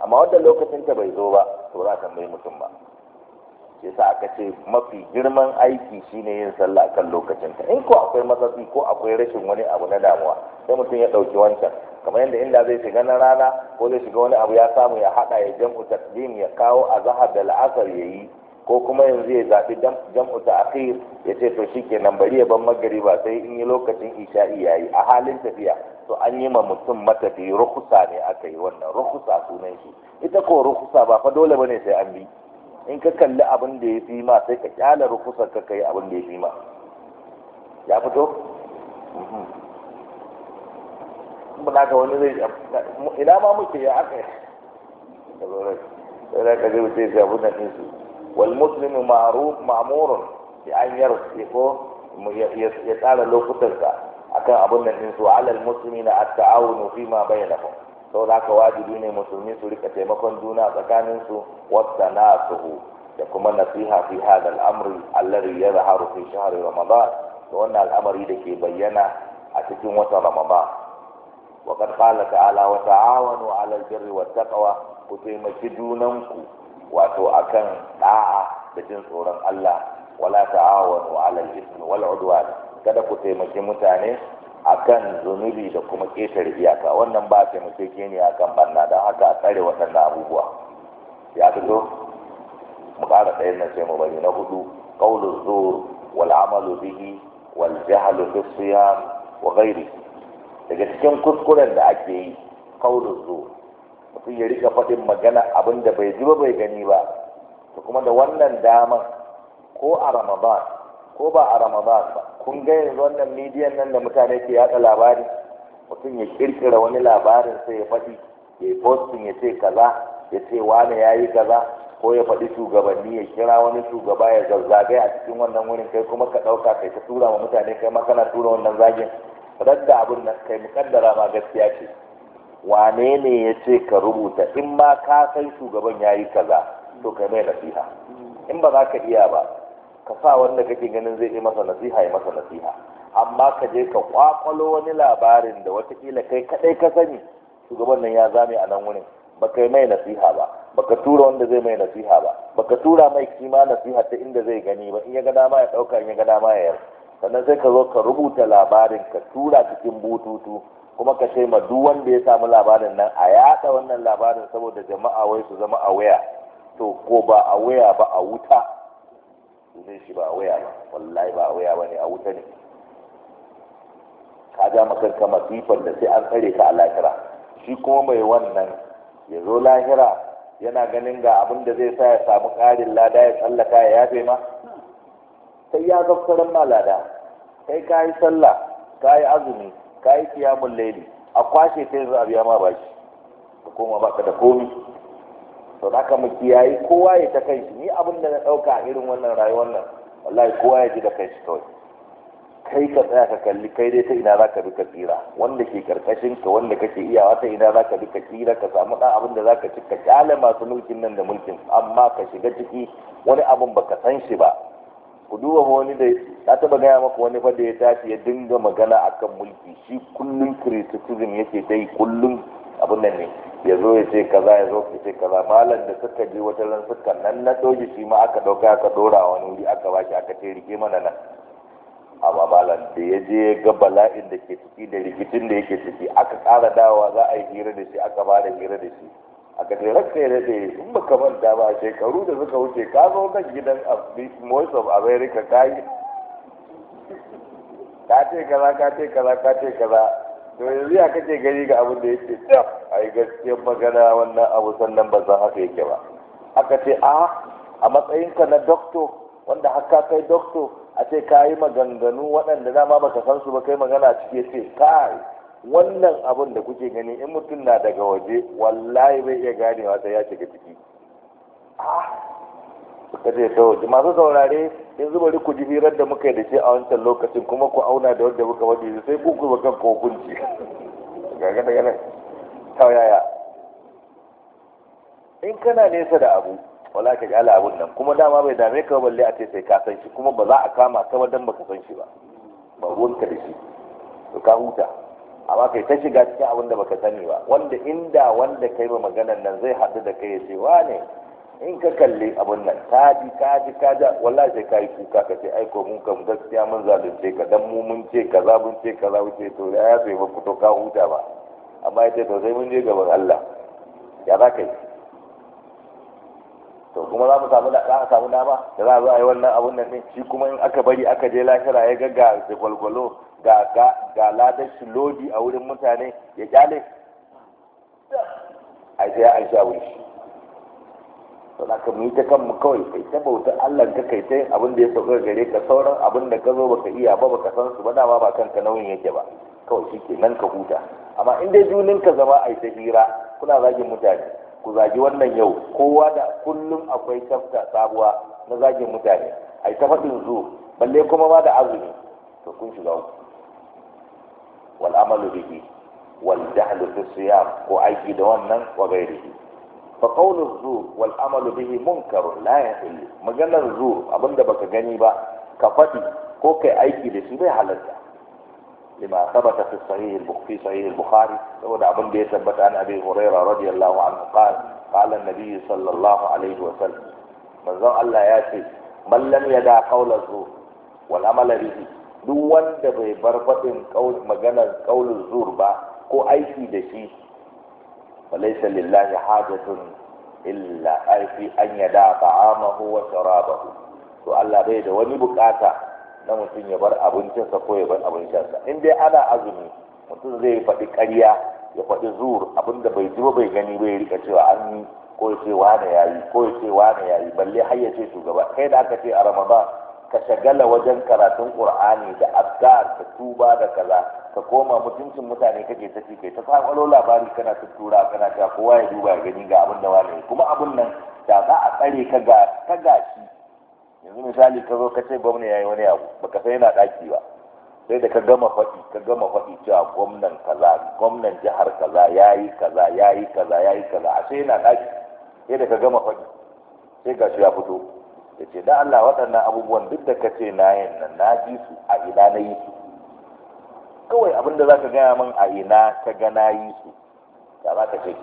[SPEAKER 1] amma wanda lokacin ta bai zo ba to za ka tambayi mutum ba yasa aka ce mafi girman aiki shine yin sallah kan lokacinta in ko akwai matsatsi ko akwai rashin wani abu na damuwa sai mutum ya ɗauki wancan kamar yadda inda zai shiga na rana ko zai shiga wani abu ya samu ya haɗa ya jam'u taslim ya kawo a zahar da la'asar ya yi ko kuma yanzu ya zaɓi jam'u ta akhir ya ce to nan bari ya ban Magari ba sai in yi lokacin isha'i yi a halin tafiya to an yi ma mutum matafi rukusa ne aka yi wannan rukusa sunan shi ita ko rukusa ba fa dole bane sai an bi in ka kalli abin da ya fi ma sai ka kyala rukusa ka kai abin da ya fi ma ya fito muna mhm. ga wani zai ina ma muke ya aka yi ka zo rai sai ka zai wuce shi abin da su wal muslimu ma'ruf ma'murun ya tsara lokutansa akan abin nan din su alal muslimina at-ta'awunu fi ma bainahum saboda haka wajibi ne musulmi su rika taimakon juna tsakanin su wasanasuhu da kuma nasiha fi hada al'amri alladhi yadhharu fi shahri ramadan da wannan al'amari da ke bayyana a cikin watan ramadan wa qad qala ta'ala wa ta'awanu 'alal birri wat taqwa ku taimaki junanku wato akan da'a da jin tsoron Allah wala ta'awanu 'alal ismi wal 'udwan kada ku taimaki mutane akan zunubi da kuma ƙetare iyaka wannan ba ne akan banna da haka a tsare waɗannan abubuwa ya fito mu ƙara ɗayan na sai mu bari na hudu ƙaulu zuwa wal amalu bihi wal jahalu bi siyam wa ghairi daga cikin kuskuren da ake yi ƙaulu zuwa mutum ya rika faɗin magana abin da bai ji ba bai gani ba to kuma da wannan damar ko a ramadan ko ba a ramadan ba kun ga yanzu wannan midiyan nan da mutane ke yada labari mutum ya kirkira wani labarin sai ya faɗi ya yi posting ya ce kaza ya ce wane ya yi kaza ko ya faɗi shugabanni ya kira wani shugaba ya zazzagai a cikin wannan wurin kai kuma ka ɗauka kai ka tura wa mutane kai ma kana tura wannan zagin radda abin nan kai mukaddara ma gaskiya ce wane ne ya ce ka rubuta in ma ka san shugaban ya yi kaza to kai mai nasiha in ba za ka iya ba ka sa wanda kake ganin zai yi masa nasiha ya masa nasiha amma ka je ka kwakwalo wani labarin da watakila kai kadai ka sani shugaban nan ya zame a nan wurin ba ka mai nasiha ba Ba ka tura wanda zai mai nasiha ba Ba ka tura mai kima nasiha ta inda zai gani ba in ya ga dama ya dauka in ya ga dama ya yarda sannan sai ka zo ka rubuta labarin ka tura cikin bututu kuma ka shaima ma duk wanda ya samu labarin nan a yada wannan labarin saboda jama'a wai su zama awaya to ko ba awaya ba a wuta zai shi ba awaya ba wallahi ba awaya ba ne a wuta ne ka ja makanka masifar da sai an tsare ka a lahira shi kuma mai wannan ya zo lahira yana ganin ga abin da zai sa ya samu ƙarin lada ya tsallaka ya yafe ma sai ya zaftaran malada kai ka yi sallah ka yi azumi ka yi kiyamun laili a kwashe sai zuwa biya ma bashi ka koma baka da komi to haka mu kiyaye kowa ya ta kai shi ni abin da na ɗauka irin wannan rayuwar nan wallahi kowa ya ji da kai shi kawai kai ka tsaya ka kalli kai dai ta ina zaka bi ka tsira wanda ke karkashin ka wanda kake iyawa ta ina zaka bi ka tsira ka samu dan abin da zaka ci ka kyale masu mulkin nan da mulkin amma ka shiga ciki wani abin baka san shi ba ku duba wani da ya taba gaya maka wani fa da ya tashi ya dinga magana akan mulki shi kullum criticism yake ta yi kullum abin nan ne ya zo ya ce kaza ya zo ya ce kaza malam da suka je wata ran suka nan na doji shi ma aka dauka aka dora wani wuri aka bashi aka ce mana nan amma malam da ya je ga bala'in da ke ciki da rikicin da yake ciki aka ƙara dawa za a yi hira da shi aka ba da hira da shi aka ce ranka ya daɗe in ka manta ba shekaru da suka wuce ka zo kan gidan most of america ka yi ka ce kaza ka ce kaza ka ce kaza to yanzu ya kace gari ga abin da ya ce a yi gaskiyar magana wannan abu sannan ba san haka yake ba aka ce a a matsayinka na doctor wanda haka kai doctor a ce ka yi maganganu waɗanda dama ka san su ba kai magana ciki ce kai wannan abin da kuke gani in mutum na daga waje wallahi bai iya ganewa sai ya shiga ciki ah, suka ce ta waje masu saurare in zuba ku ji hirar da muka yi da shi a wancan lokacin kuma ku auna da wanda muka waje sai ku ba kan ku hukunci gaga daga nan tauyaya in kana nesa da abu wala ka gala abun nan kuma dama bai dame ka balle a ce sai ka san shi kuma ba za a kama ka ba dan baka san shi ba ba ruwanka da shi to ka huta amma kai ta shiga cikin abin da baka sani ba wanda inda wanda kai ba maganar nan zai haɗu da kai ya ce wane in ka kalli abin nan ta ji ka ji ka ji wallahi sai ka yi kuka ka ce aiko mun kam gaskiya mun zalunce ka dan mu mun ce kaza mun ce kaza mun ce to ya sai ba to ka huta ba amma yace to sai mun je gaban Allah ya za ka yi to kuma za mu samu da za a samu dama da za a zo a yi wannan abun nan ne shi kuma in aka bari aka je lahira ya ga ga da ga ladar shi lodi a wurin mutane ya kyale a sai an sha wuce to na mu yi ta kanmu kawai kai ta bautar Allah ka kai ta abin da ya sauka gare ka sauran abin da ka zo baka iya ba baka san su ba dama ba kanka nauyin yake ba kawai shi ke nan ka huta amma in dai junin ka zama a yi ta hira kuna zagin mutane ku zagi wannan yau kowa da kullum akwai tafta sabuwa na zagin mutane a yi ta faɗin zu balle kuma ma da azumi to kun shiga uku wal amalu bihi wal jahlu fi siyam ko aiki da wannan wa gairihi fa qawlu zur wal amalu bihi munkarun la yahillu maganar zur abinda baka gani ba ka faɗi ko kai aiki da shi bai halarta لما ثبت في صحيح في صحيح البخاري سود عبد بن ثبت عن ابي هريره رضي الله عنه قال قال النبي صلى الله عليه وسلم من زال الله ياتي من لم يدع قول الزور والعمل به duk wanda bai bar faɗin maganar ƙaunin zur ba ko aiki da shi falaisa lillahi hajatun illa aiki an yada ta'amahu wa sharabahu to Allah bai da wani bukata na mutum ya bar abincinsa ko ya bar abincinsa. in dai ana azumi mutum zai faɗi ƙarya ya faɗi zur abinda bai ji bai gani bai rika cewa an yi ko ya ce wane yayi ko ya ce wane yayi balle har ya ce shugaba kai da aka ce a ramadan ka shagala wajen karatun qur'ani da abdar ka tuba da kaza ka koma mutuncin mutane kake ta ci kai ta kwakwalo labari kana tura kana ta kowa ya duba ya gani ga abin da wani kuma abin nan da za a tsare ka ga ka gashi yanzu misali ka zo ka ce gwamna yayi wani abu baka sai yana daki ba sai da ka gama faɗi ka gama faɗi cewa gwamnan kaza gwamnan jihar kaza yayi kaza yayi kaza yayi kaza a sai yana daki sai da ka gama faɗi sai gashi ya fito ya ce da Allah waɗannan abubuwan duk da ka ce na yin nan na ji su a ina na yi su kawai abin da za ka gaya min a ina ka ga na yi su da za ka ce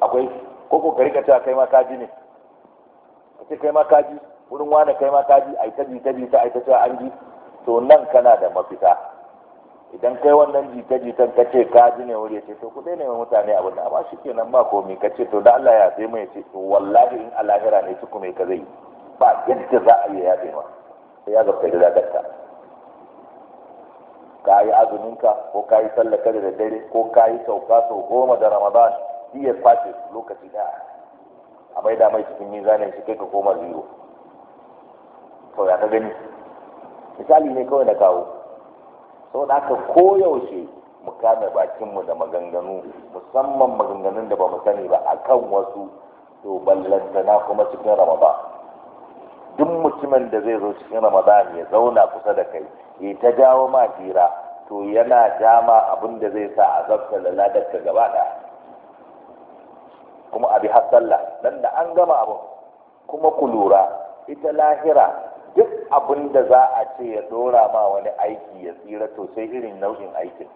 [SPEAKER 1] akwai ko ko ka rika cewa kai ma kaji ne ka ce kai ma kaji wurin wane kai ma kaji a yi ta ta bi ta a yi ta cewa an ji to nan kana da mafita idan kai wannan jita-jitan ka ce ka ji ne wuri ya ce to ku ne mutane abin da amma shi ke nan ba komi ka ce to da Allah ya sai mai ce to wallahi in a lahira ne su mai ka zai ba yadda za a yi ya sai ma sai ya zafta da zagarta ka yi azuminka ko ka yi sallaka da daddare ko ka yi sauka sau goma da ramadan iya ya kwace lokaci daya a maida mai cikin mizanin shi kai ka koma zuwa to ya gani misali ne kawai na kawo sau da aka koyaushe mu kame bakinmu da maganganu musamman maganganun da ba mu sani ba a kan wasu to na kuma cikin ramadan duk mutumin da zai zo cikin ramadan ya zauna kusa da kai ya ta jawo ma jira to yana dama abin da zai sa a zafta laladar ka gaba kuma abi har dan da an gama abin kuma kulura ita lahira duk abin da za a ce ya dora ma wani aiki ya tsira to sai irin nau'in aikin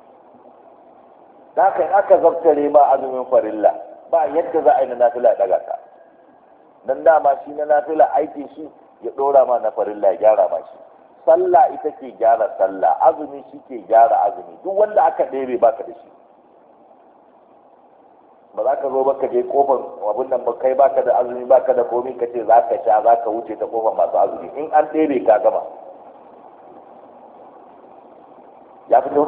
[SPEAKER 1] kai aka zartare ma azumin farilla ba yadda za a yi na nafila ya daga ka dama shi na nafila aiki shi ya dora ma na farilla ya gyara ma shi sallah ita ke gyara sallah azumi shi ke gyara azumi duk wanda aka ɗebe baka da shi ba za ka zo ba ka je kofar abin nan ba kai baka da azumi baka da komi ka ce za ka sha za ka wuce ta kofar masu azumi in an ɗebe ka gama ya fito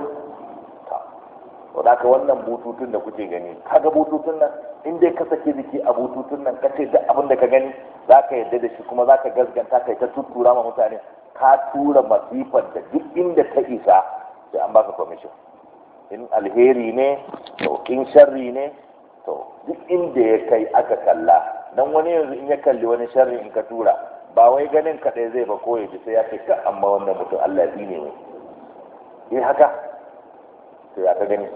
[SPEAKER 1] ba da ka wannan bututun da kuke gani kaga bututun nan in dai ka sake jiki a bututun nan ka ce duk abin da ka gani za ka yarda da shi kuma za ka gasganta kai ta tuttura ma mutane ka tura masifar da duk inda ta isa sai an baka commission in alheri ne to in sharri ne to duk inda ya kai aka kalla dan wani yanzu in ya kalli wani sharri in ka tura ba wai ganin kaɗai zai ba ko ya sai ya ce ka amma wannan mutum Allah zai ne mai eh, haka to ya ka gani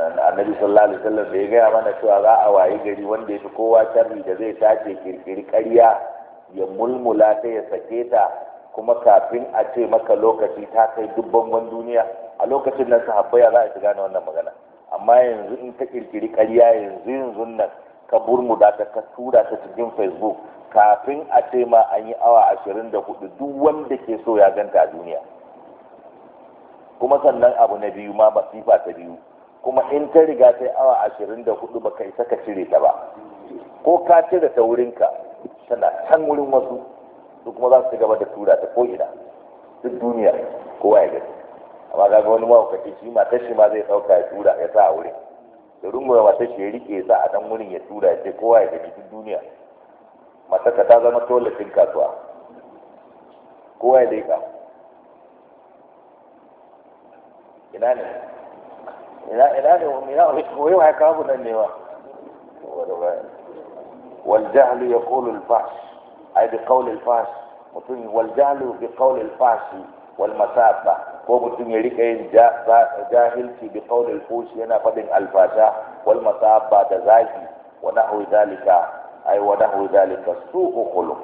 [SPEAKER 1] annabi sallallahu alaihi wasallam da ya gaya mana cewa za a wayi gari wanda ya fi kowa sharri da zai tace kirkiri ƙarya ya mulmula ta ya sake ta kuma kafin a ce maka lokaci ta kai dubban duniya a lokacin nan sahabbai za a shiga na wannan magana amma yanzu in ta kirkiri karya yanzu yanzu nan ka burmuda ta ka tura ta cikin facebook kafin a ce ma an yi awa ashirin da hudu duk wanda ke so ya ganta a duniya kuma sannan abu na biyu ma masifa ta biyu kuma in ta riga ta yi awa ashirin da hudu ba kai saka cire ta ba ko ka cire ta wurinka tana can wurin wasu su kuma za su gaba da tura ta ko ina duk duniya kowa ya gani amma za ga wani mahaukaci shi matar shi ma zai sauka ya tura ya sa a Da da rungume matar shi ya rike sa a nan wurin ya tura ya ce kowa ya gani duk duniya matarka ta zama tolacin kasuwa kowa ya leƙa ina ne ina ina ne ina ne koyi wa ya kawo nan ne wa wal jahlu yaqulu al fahsh ay bi qawli al fahsh wal jahlu bi qawli al fahsh wal masabah ko mutum ya rika yin jahilci bi qawlil fushi yana faɗin alfasha wal ba da zaki wa nahwi zalika ay wa nahwi zalika su khuluq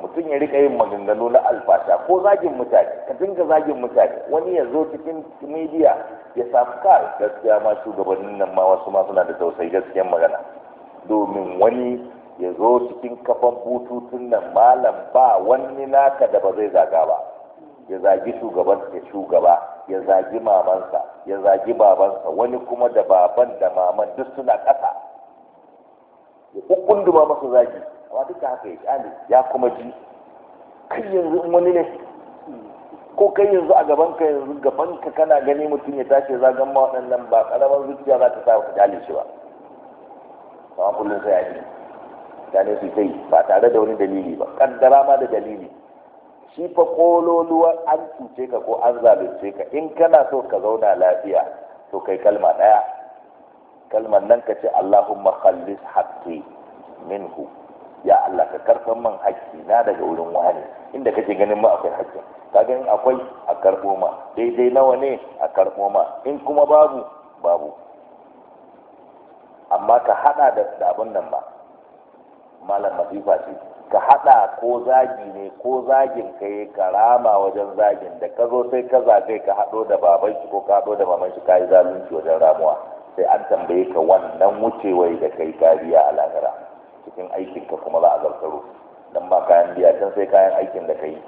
[SPEAKER 1] mutum ya rika yin maganganu na alfasha ko zagin mutane ka dinga zagin mutane wani ya zo cikin media ya samu kar gaskiya ma shugabannin nan ma wasu ma suna da tausayi gaskiyan magana domin wani ya zo cikin kafan bututun nan malam ba wani naka da ba zai zaga ba ya zagi shugaban ya shugaba ya zagi mamansa ya zagi babansa wani kuma da baban da maman duk suna ƙasa ya ƙunduma masa zagi amma duka haka ya kyale ya kuma ji kai yanzu in wani ne ko kai yanzu a gaban ka yanzu gaban ka kana gani mutum ya tashi zagan ma waɗannan ba ƙaramin zuciya za ta sa ka kyale shi ba amma kullum sai a yi gane su sai ba tare da wani dalili ba kaddara ma da dalili shi fa kololuwa an cuce ka ko an zalunce ka in kana so ka zauna lafiya to kai kalma daya kalman nan ka ce Allahumma khallis haqqi minhu ya Allah ka karfan man haƙƙi na daga wurin wani inda kake ganin ma akwai haƙƙin kaga ganin akwai a karɓo ma daidai nawa ne a karɓo ma in kuma babu babu amma ka hada da abin nan ba malam masifa ce ka haɗa ko zagi ne ko zagin ka yi karama wajen zagin da ka zo sai ka zagai ka hado da baban shi ko ka hado da maman shi ka yi zalunci wajen ramuwa sai an tambaye ka wannan wucewai da kai kariya a lahira cikin aikinka kuma za a zartaro dan ba kayan biya can sai kayan aikin da ka yi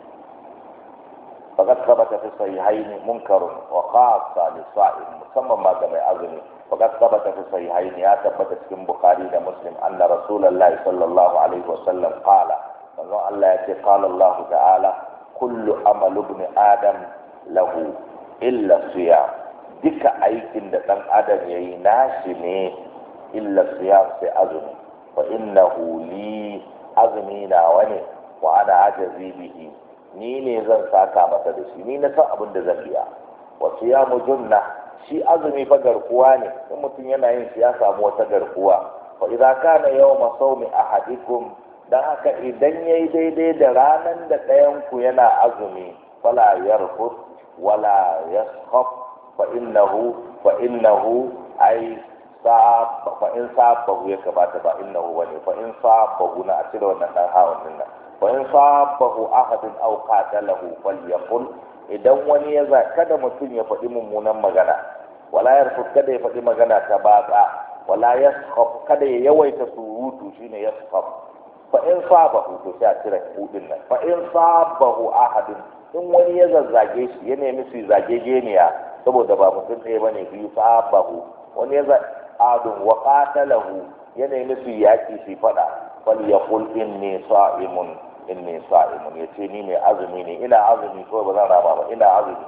[SPEAKER 1] فقد ثبت في الصحيحين منكر وخاصة للصائم مسمى ما كما يعزمي فقد ثبت في الصحيحين يا ثبت في البخاري ومسلم أن رسول الله صلى الله عليه وسلم قال manzon Allah ya ce qala ta'ala kullu amalu ibn adam lahu illa siyam duka aikin da ɗan adam yayi nashi ne illa siyam sai azumi fa innahu azumi na wani wa ana ajazi ni ne zan saka masa da shi ni na san abin da zan biya wasu ya mu junna shi azumi fa garkuwa ne in mutum yana yin shi ya samu wata garkuwa fa idza kana yawma sawmi ahadikum dan haka idan yayi daidai da ranan da ɗayan ku yana azumi fala yarfut wala yaskhaf fa innahu fa innahu ay fa in sabahu ya kamata ba innahu wani fa in sa ba na a cire wannan dan hawon nan wa in sabahu ahadun aw qatalahu falyaqul idan wani ya za kada mutum ya faɗi mummunan magana wala yarfu kada ya faɗi magana ta batsa wala yaskhab kada ya yawaita surutu shine yaskhab fa in sabahu to sai a cire kudin nan fa in sabahu ahadin in wani ya zazzage shi ya nemi su zage geniya saboda ba mutum ɗaya bane biyu sabahu wani ya za adun wa qatalahu ya nemi su yaki shi fada falyaqul inni sa'imun inni sa'imun yace ni mai azumi ne ina azumi ko ba zan raba ba ina azumi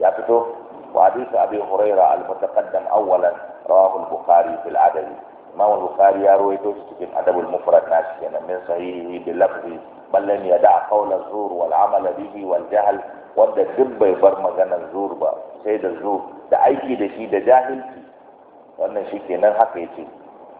[SPEAKER 1] ya fito wa hadisi abi huraira al-mutaqaddam awwalan rawahu al-bukhari fil adab imam al-bukhari ya rawaito shi cikin adab al-mufrad nashi kenan min sahihi bi lafzi bal lam yada a zur wal amala bihi wal jahl wanda duk bai bar maganar zur ba sai da zur da aiki da shi da jahilci wannan shi kenan haka ce.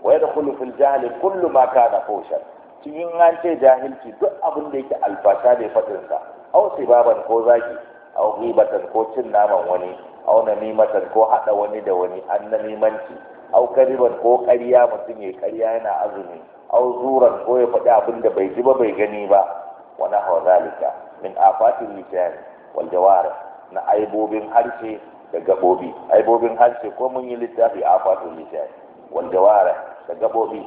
[SPEAKER 1] wa yadkhulu fil jahli kullu ma kana fawshan cikin an ce jahilci duk abin da yake alfasha da fadin sa au sibaban ko zaki au ghibatan ko cin naman wani au namimatan ko hada wani da wani an namimanci au kariban ko ƙarya mutum ya ƙarya yana azumi au zuran ko ya faɗi abin da bai ji ba bai gani ba wa nahwa zalika min afatil lisan wal jawar na aibobin harshe da gabobi aibobin harshe ko mun yi littafi afatul lisan wal jawar da gabobi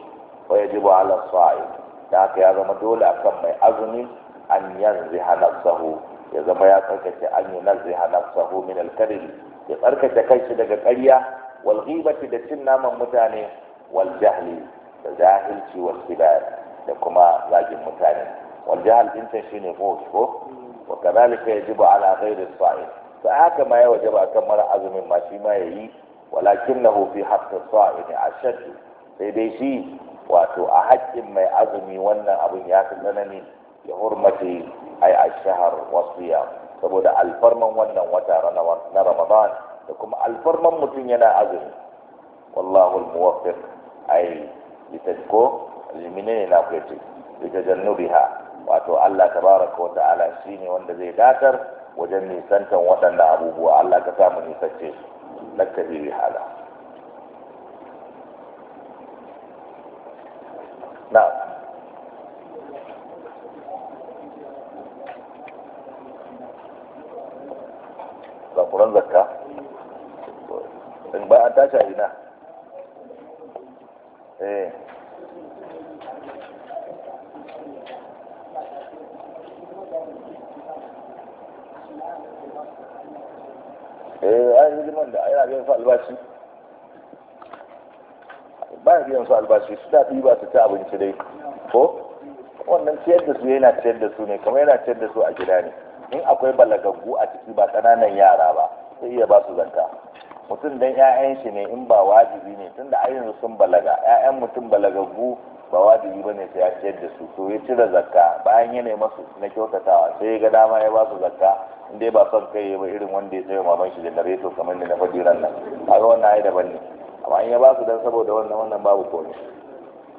[SPEAKER 1] wa yajibu ala sa'id da aka ya zama dole akan mai azumi an yanziha nafsahu ya zama ya tsarkace an yi naziha nafsahu min al ya tsarkace kanshi daga karya, wal ghibati da cin naman mutane wal jahli da jahilci wal da kuma zagin mutane wal jahl din ta shine ko ko wa kadhalika yajibu ala ghairi as-sa'id fa haka ma ya wajaba akan mara azumin ma shi ma yayi ولكنه في a الصائم أشد sai dai shi wato a haƙƙin mai azumi wannan abin ya fi tsanani ya hurmace ai a shahar ya saboda alfarman wannan wata na ramadan da kuma alfarman mutum yana azumi wallahu muwaffiq ai litadko limine na kwace litajannubiha wato Allah tabaraka wa ta'ala shine wanda zai datar wajen nisantan waɗannan abubuwa Allah ka samu nisance lakka nakkabi bi na'am zakka in ba a ina eh eh da ai abin albashi biyan su albashi ta ɗiba su ta abinci dai ko wannan ciyar da su yana ciyar da su ne kamar yana ciyar da su a gida ne in akwai balagaggu a ciki ba ƙananan yara ba sai iya ba su zanta mutum dan 'ya'yan shi ne in ba wajibi ne tunda a sun balaga 'ya'yan mutum balagaggu ba wajibi ne sai ya ciyar da su to ya cire zakka bayan ya nema su na kyautatawa sai ya ga dama ya ba su zakka in dai ba son kai ba irin wanda ya tsaye maman shi da to kamar da na faɗi ran nan a ga wannan ai daban ne amma in ya ba su dan saboda wannan wannan babu komai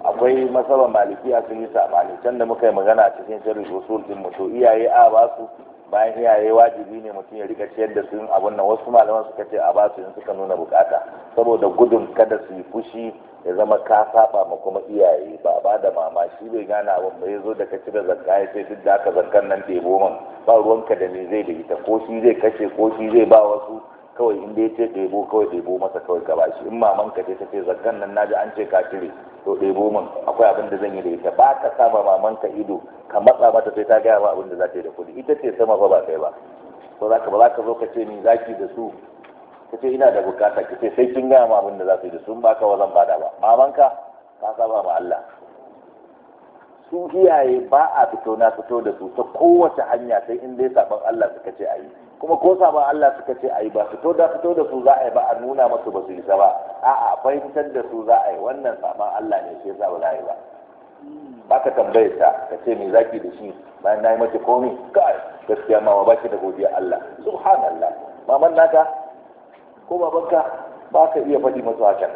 [SPEAKER 1] akwai masaba a sun yi sabani can da muka yi magana a cikin shari usul din mutu iyaye a ba su bayan iyaye wajibi ne mutum ya rika ciyar da su abun nan wasu malaman suka ce a ba su in suka nuna bukata saboda gudun kada su yi fushi ya zama ka saba ma kuma iyaye ba ba da mama shi bai gane abin ba ya zo da ka cire zanka ya sai duk da aka zankan nan ɗebo man ba ruwanka da me zai da ita ko shi zai kashe ko shi zai ba wasu kawai inda ya ce ɗebo kawai ɗebo masa kawai ka bashi in maman ka ce ta ce zaggan nan naji an ce ka cire to ɗebo min akwai abin da zan yi da ita ba ka saba maman ka ido ka matsa mata sai ta gaya ma abin da za ta yi da kuɗi ita ce sama ba ba kai ba to za ka ba za ka zo ka ce ni zaki da su ka ce ina da bukata ka ce sai kin gaya ma abin da za su yi da su in ba ka ba zan bada ba maman ka ka saba ma Allah su iyaye ba a fito na fito da su ta kowace hanya sai in dai saban Allah suka ce a yi kuma ko sabon Allah suka ce a yi ba fito da fito da su za a yi ba a nuna masu ba su isa ba a'a fahimtar da su za a yi wannan sabon Allah ne sai za ba a yi ba ka tambaye ta ka ce me zaki da shi bayan na yi mace komi kai gaskiya ba ki da godiya Allah subhanallah maman naka ko babanka ba ka iya faɗi masu hakan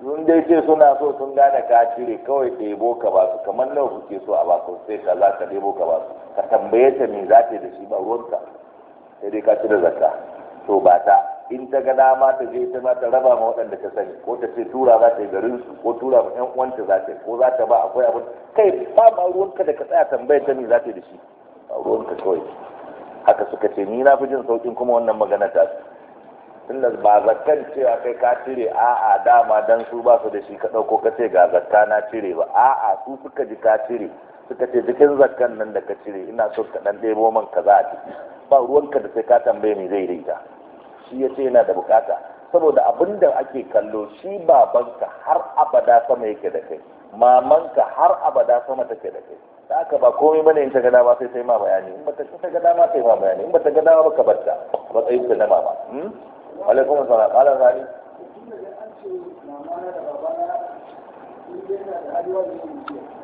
[SPEAKER 1] sun dai ce suna so sun gane ka cire kawai ɗebo ka ba su kamar nawa kuke so a ba su sai ka za ka ɗebo ka ba su ka tambaye ta me za ta da shi ba ruwanka sai dai ka ci da zakka to ba ta in ta ga dama ta je ta ma ta raba ma waɗanda ta sani ko ta ce tura za ta yi garin su ko tura ma ƴan uwanta za ta yi ko za ta ba akwai abin kai ba ma ruwanka da ka tsaya tambayar ta me za ta yi da shi ba ruwanka kawai haka suka ce ni na fi jin saukin kuma wannan magana ta da ba zakkan cewa kai ka cire a'a dama dan su ba su da shi ka ɗauko ka ce ga zakka na cire ba a'a su suka ji ka cire suka ce jikin zakkan nan da ka cire ina so ka dan ɗebo man kaza a ciki ba ruwanka da sai ka tambaye me zai daita shi ya ce yana da bukata saboda abin da ake kallo shi babanka har abada sama yake da kai mamanka har abada sama take da kai da aka ba komai bane in ta ga dama sai sai ma bayani in bata ta ga dama sai ma bayani in bata ga dama ba ka barta matsayin ta na ba hmm? alaikum assalam ala zani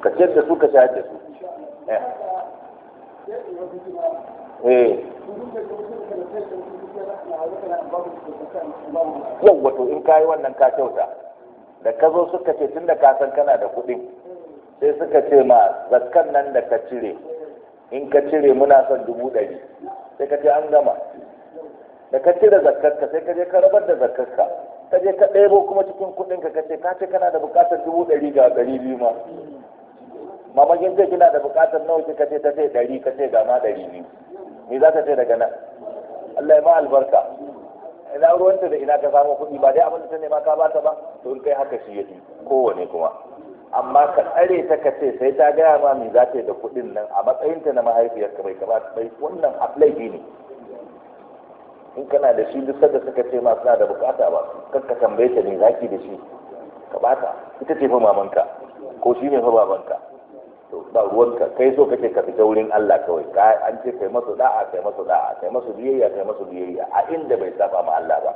[SPEAKER 1] ka ciyar da su ka shayar da su eh. Eh. yau wato in ka yi wannan ka kyauta da ka zo suka ce tun da kasan kana da kuɗin sai suka ce ma zakkan nan da ka cire in ka cire muna son dubu ɗari sai ka ce an gama da ka cire zakkarka sai ka je ka rabar da zakkarka ka je ka ɗebo kuma cikin kuɗin ka kace ka ce kana da buƙatar dubu ɗari ga ɗari biyu ma mamakin ce kina da buƙatar nawa ka ce ta ce ɗari ka ce ga ma ɗari biyu me za ka ce daga nan Allah ya ma albarka ina ruwanta da ina ka samu kuɗi ba dai abin da ta nema ka bata ba to in kai haka shi ya ci kowane kuma amma ka tsare ta ka ce sai ta gaya ma me za ta yi da kuɗin nan a matsayinta na mahaifiyarka bai kamata bai wannan laifi ne in kana da shi duk sanda suka ce masu da bukata ba kanka ka tambaye ta ne zaki da shi ka bata ita ce fa mamanka ko shi ne fa babanka to ba ruwanka kai so kake ka fita wurin Allah kawai ka an ce kai masa da'a kai masa da'a kai masa biyayya kai masa biyayya a inda bai saba ma Allah ba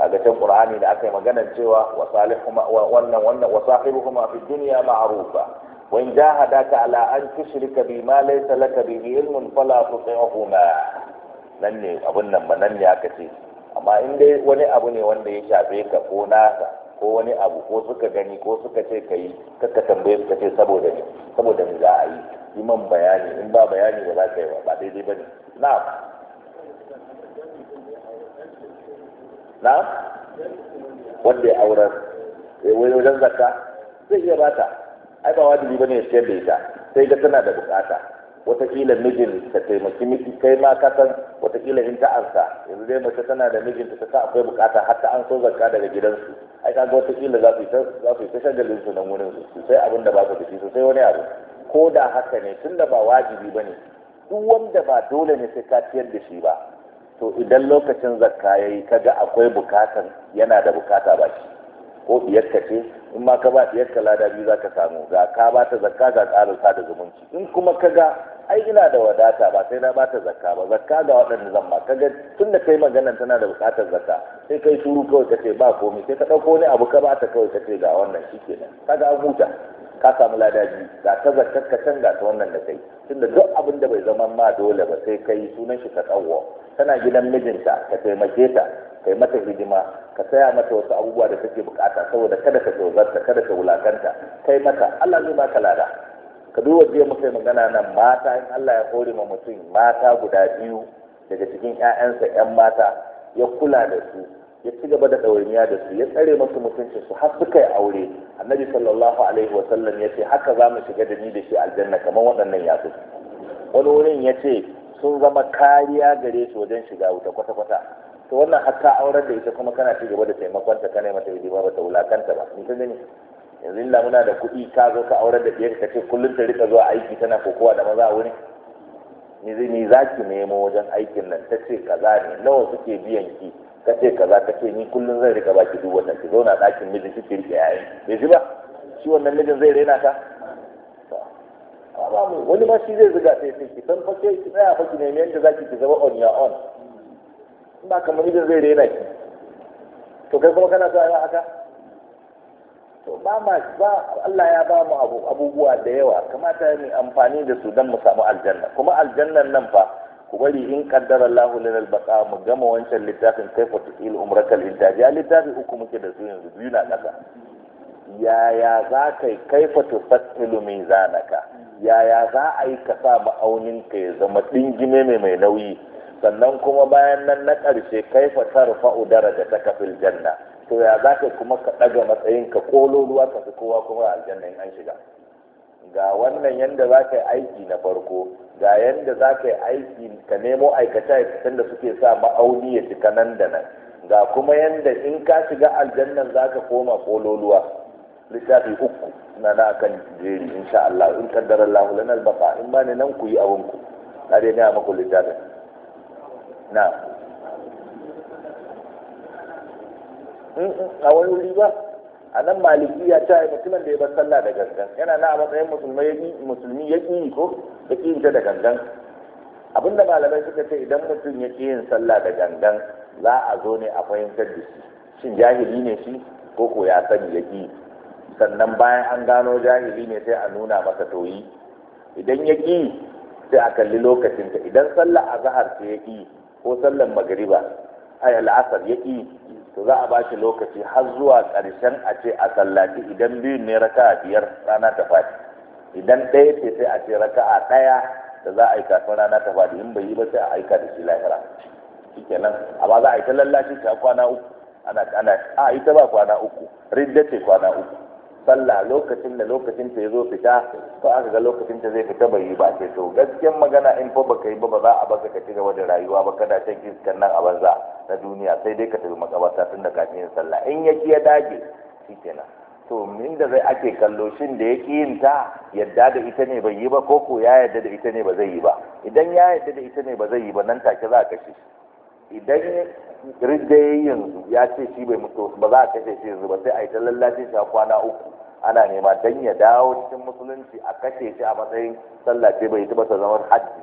[SPEAKER 1] kaga can Qur'ani da aka yi maganar cewa wa salihuma wannan wannan wa sahibuhuma fi dunya ma'rufa in jahadaka ala an tushrika bima laysa laka bihi ilmun fala تطعهما nan ne abun nan ba nan ne aka ce amma in dai wani abu ne wanda ya shafe ka ko nasa ko wani abu ko suka gani ko suka ce ka yi kaka tambaye suka ce saboda ne saboda ne za a yi yi man bayani in ba bayani ba za ka yi ba ba daidai ba ne na na wanda ya aurar eh, wani wajen zakka zai iya bata ai ba wajibi ba ne ya ce bai ta sai ga tana da bukata watakila mijin ta taimaki miki kai ma ka san watakila in ta ansa yanzu dai mace tana da mijinta ta sa akwai bukata har ta an so zakka daga gidansu ai ga watakila za su yi za su yi ta shagalin su nan wurin su sai abin da ba su da shi sosai wani abu ko da haka ne tun da ba wajibi bane duk wanda ba dole ne sai ka ciyar da shi ba to idan lokacin zakka yayi kaga akwai bukatan yana da bukata ba shi ko biyar ce in ma ka ba yadda lada biyu za ka samu ga ka ba ta zakka ga tsarin sada zumunci in kuma ka ga ai ina da wadata ba sai na ba ta zakka ba zakka ga waɗanda zan ba ga tun da kai maganan tana da buƙatar zakka sai kai shuru kawai ka ce ba komai sai ka ɗauko wani abu ka ba ta kawai ka ce ga wannan shikenan kaga an huta ka samu lada ga ta zartar ka can ta wannan da kai tunda duk abin da bai zama ma dole ba sai kai sunan shi ka tsawo tana gidan mijinta ka taimake ta kai mata hidima ka saya mata wasu abubuwa da take bukata saboda kada ka tozarta kada ka wulakanta kai mata Allah zai baka lada ka duba jiya mu kai magana nan mata in Allah ya hore ma mutum mata guda biyu daga cikin 'ya'yansa 'yan mata ya kula da su ya ci gaba da ɗawainiya da su ya tsare masu mutuncin su har suka yi aure annabi sallallahu alaihi wasallam ya ce haka za mu shiga da ni da shi aljanna kamar waɗannan su wani wurin ya ce sun zama kariya gare shi wajen shiga wuta kwata-kwata to wannan hatta auren da ita kuma kana ci gaba da taimakon ta kana mata yi ba ta wulakanta ba ni ta gani yanzu illa muna da kuɗi ka zo ka auren da biyar ka ce kullum ta rika zuwa aiki tana kokowa da maza a wurin ni zai za ki nemo wajen aikin nan ta ce kaza ne nawa suke biyan ki ka ce kaza ka ce ni kullum zai rika baki duk wannan ki zauna ɗakin mijin ki ki rike yayin bai ji ba shi wannan mijin zai raina ka wani ma shi zai zuga sai sai ki san fake ki tsaya fa ki nemi yadda zaki ki zama on your own ba kamar mijin zai raina ki to kai kuma kana so a haka to ba ma ba Allah ya ba mu abubuwa da yawa kamata ne amfani da su don mu samu aljanna kuma aljannan nan fa ku in kaddara Allahu lana albaqa mu gama wancan littafin kaifa tuqil umrakal intaji littafi uku muke da su yanzu biyu na kasa yaya za ka yi kaifa tufattilu mizanaka yaya za a yi ka sa ma'aunin ka ya zama dingime mai mai nauyi sannan kuma bayan nan na ƙarshe kaifa tarfa'u daraja ta kafil janna to ya za ka kuma ka ɗaga matsayinka kolo ruwa ka fi kowa kuma aljanna in an shiga ga wannan yanda za ka yi aiki na farko ga yanda za ka yi aiki ka nemo aikace-aikacen da suke sa ma'auni ya cika nan da nan ga kuma yanda in ka shiga aljannan za ka koma kololuwa littafi uku na na kan jeri insha Allah in kaddar Allah lana in ba ne nan ku yi abun ku na dai ga muku littafin na mm, mm, a wani wuri ba a nan malikiya ta yi mutumin da ya bar sallah da gangan yana na a matsayin musulmi ya ƙi ko ya ƙi da gangan abinda malamai suka ce idan mutum ya ƙi yin sallah da gangan za a zo ne a fahimtar da shi shin jahili ne shi ko ko ya sani ya ƙi sannan bayan an gano jahili ne sai a nuna masa toyi idan ya ƙi sai a kalli lokacinta idan sallah azahar ce ya ƙi ko sallar magariba ay al'asar ya ƙi to za a bashi lokaci har zuwa ƙarshen a ce a sallaci idan biyun ne raka a biyar rana ta fadi idan ɗaya ce sai a ce raka a ɗaya da za a yi kafin rana ta fadi in bai yi ba sai a aika da shi lahira shikenan amma za a yi ta lallashi ta kwana uku ana ana a ita ba kwana uku ridda ce kwana uku sallah lokacin da lokacin ta zo fita to aka ga lokacin ta zai fita bai yi ba sai to gaskiyar magana in fa baka yi ba ba za a baka ka ci gaba da rayuwa ba kada shan kan nan a banza na duniya sai dai ka tafi makabarta tun da kafin yin sallah in ya ki ya dage shikenan to inda zai ake kallo shin da ya yin ta yadda da ita ne bai yi ba ko ko ya yadda da ita ne ba zai yi ba idan ya yadda da ita ne ba zai yi ba nan take za a kashe idan riddayen yanzu ya ce shi bai mutu ba za a kashe shi yanzu ba sai a yi ta lallace shi a kwana uku ana nema dan ya dawo cikin musulunci a kashe shi a matsayin sallah ce bai ta ba ta zama hajji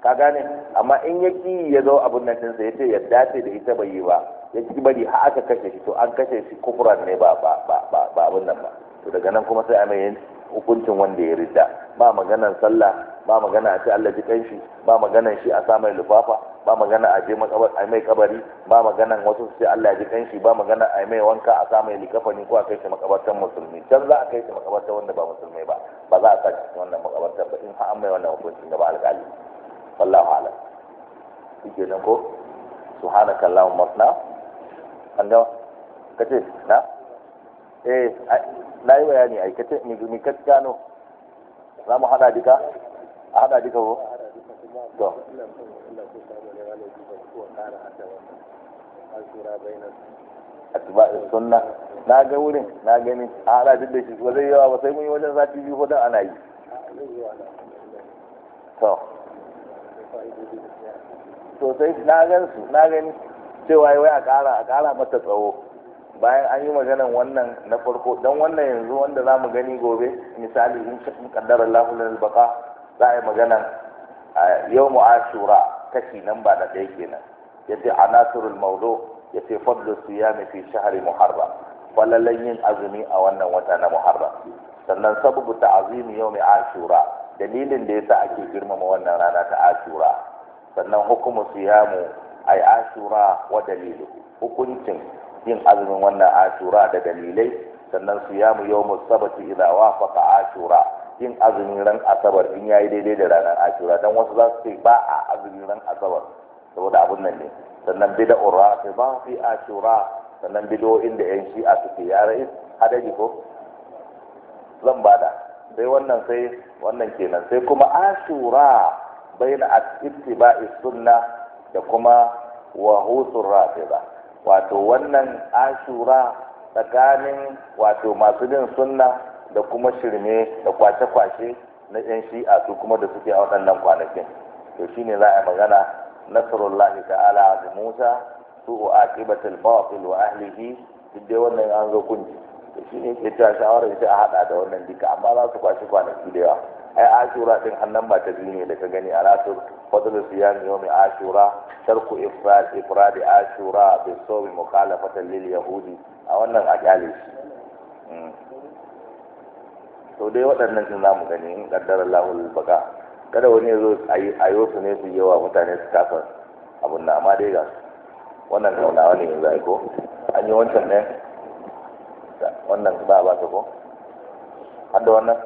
[SPEAKER 1] ka gane amma in ya ki ya zo abin nan ɗinsa ya ce ya dace da ita bai yi ba ya ki bari har aka kashe shi to an kashe shi kufuran ne ba ba ba ba abin nan ba to daga nan kuma sai a mai hukuncin wanda ya ridda ba maganar sallah ba magana a ce Allah ji kanshi ba magana shi a samun lufafa ba magana a je a mai kabari ba magana wasu su ce Allah ji kanshi ba magana a mai wanka a samun likafani ko a kai shi makabartan musulmi can za a kai shi makabartan wanda ba musulmi ba ba za a sa cikin wannan makabartan ba in har an mai wannan hukuncin da ba alƙali wallahu alam shike nan ko subhanaka allahumma asna an ga kace na eh na yi bayani ai kace ni ka gano za mu hada dika? a hada duka ko to atba'is sunna na ga wurin na gani a hada duk da shi ko zai yawa ba sai mun yi wajen sati biyu ko dan ana yi to sai na ga su na gani cewa wai a kara a kara mata tsawo bayan an yi magana wannan na farko don wannan yanzu wanda za mu gani gobe misali in shi kaddara lahulun baqa za a yi magana a yau ashura, kashi nan ba da ɗaya kenan ya ce anasurul maudu ya ce fadlu siyami fi shahari muharram falalan yin azumi a wannan wata na muharram sannan sababu ta'azimi yau mai ashura dalilin da yasa ake girmama wannan rana ta ashura sannan hukumu siyamu ai ashura wa dalilu hukuncin yin azumin wannan ashura da dalilai sannan siyamu yawmus sabati idza wafaqa ashura yin azumin ran asabar in yayi daidai da ranar ashura dan wasu za su ce ba a azumin ran asabar saboda abun nan ne sannan ura rafi ba fi ashura sannan bid'o'in inda yan shi a suke ya rais hadari ko zan bada sai wannan sai wannan kenan sai kuma ashura baina ittiba'i sunna da kuma husur rafida wato wannan ashura tsakanin wato masu bin sunna da kuma shirme da kwace-kwace na yan shi'a su kuma da suke a waɗannan kwanakin to ne za a magana nasarullahi ta'ala ala musa su su'u batal batil wa ahlihi duk dai wannan an zo kunji to ne ke ta shawara ita a haɗa da wannan duka amma za su kwashi kwanaki da yawa ai ashura ɗin annan ba ta biyu ne da ka gani a ratul fadlu siyam yawmi ashura tarku ifrad ifrad ashura bi sawmi mukhalafatan lil yahudi a wannan a kyale shi sau dai waɗannan din zamu gani in qaddara lahul baka kada wani ya zo yi su ne su yawa mutane su kafa abun na amma dai ga wannan kaunawa ne yanzu ai ko an yi wancan ne wannan ba ba ta ko har da wannan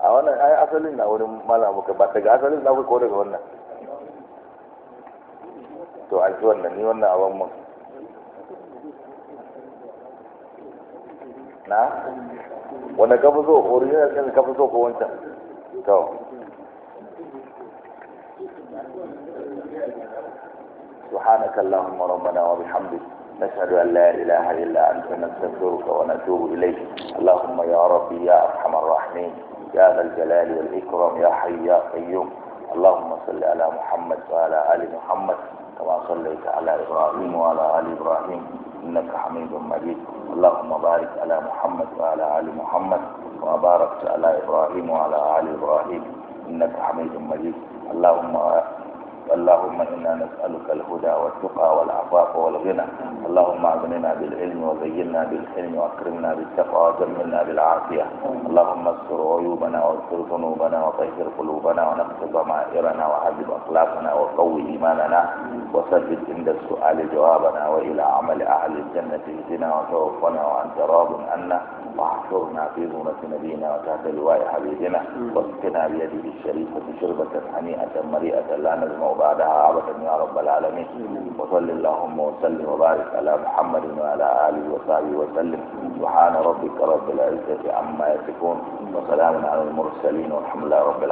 [SPEAKER 1] a wannan ai asalin na wurin malam muka ba daga asalin na ko daga wannan to an ci wannan ni wannan abin mun na wanda ka fi original ɗin ka fi ko wancan to سبحانك اللهم ربنا وبحمدك نشهد أن لا إله إلا أنت نستغفرك ونتوب إليك اللهم يا ربي يا أرحم الراحمين يا ذا الجلال والإكرام يا حي يا قيوم اللهم صل على محمد وعلى آل محمد كما صليت على إبراهيم وعلى آل إبراهيم إنك حميد مجيد اللهم بارك على محمد وعلى آل محمد وباركت على إبراهيم وعلى آل إبراهيم إنك حميد مجيد اللهم اللهم إنا نسألك الهدى والتقى والعفاف والغنى اللهم أغننا بالعلم وزينا بالحلم وأكرمنا بالتقوى وجملنا بالعافية اللهم استر عيوبنا واستر ذنوبنا وطهر قلوبنا ونقص ضمائرنا وعذب أخلاقنا وقوي إيماننا وسدد عند السؤال جوابنا وإلى عمل أهل الجنة اهدنا وتوفنا وأنت راض عنا واحشرنا في ظلمة نبينا وتحت لواء حبيبنا واسقنا بيده الشريفة شربة هنيئة مريئة لا نزمع وبعدها أبدا يا رب العالمين وصل اللهم وسلم وبارك على محمد وعلى آله وصحبه وسلم سبحان ربك رب العزة عما يصفون وسلام على المرسلين والحمد لله رب العالمين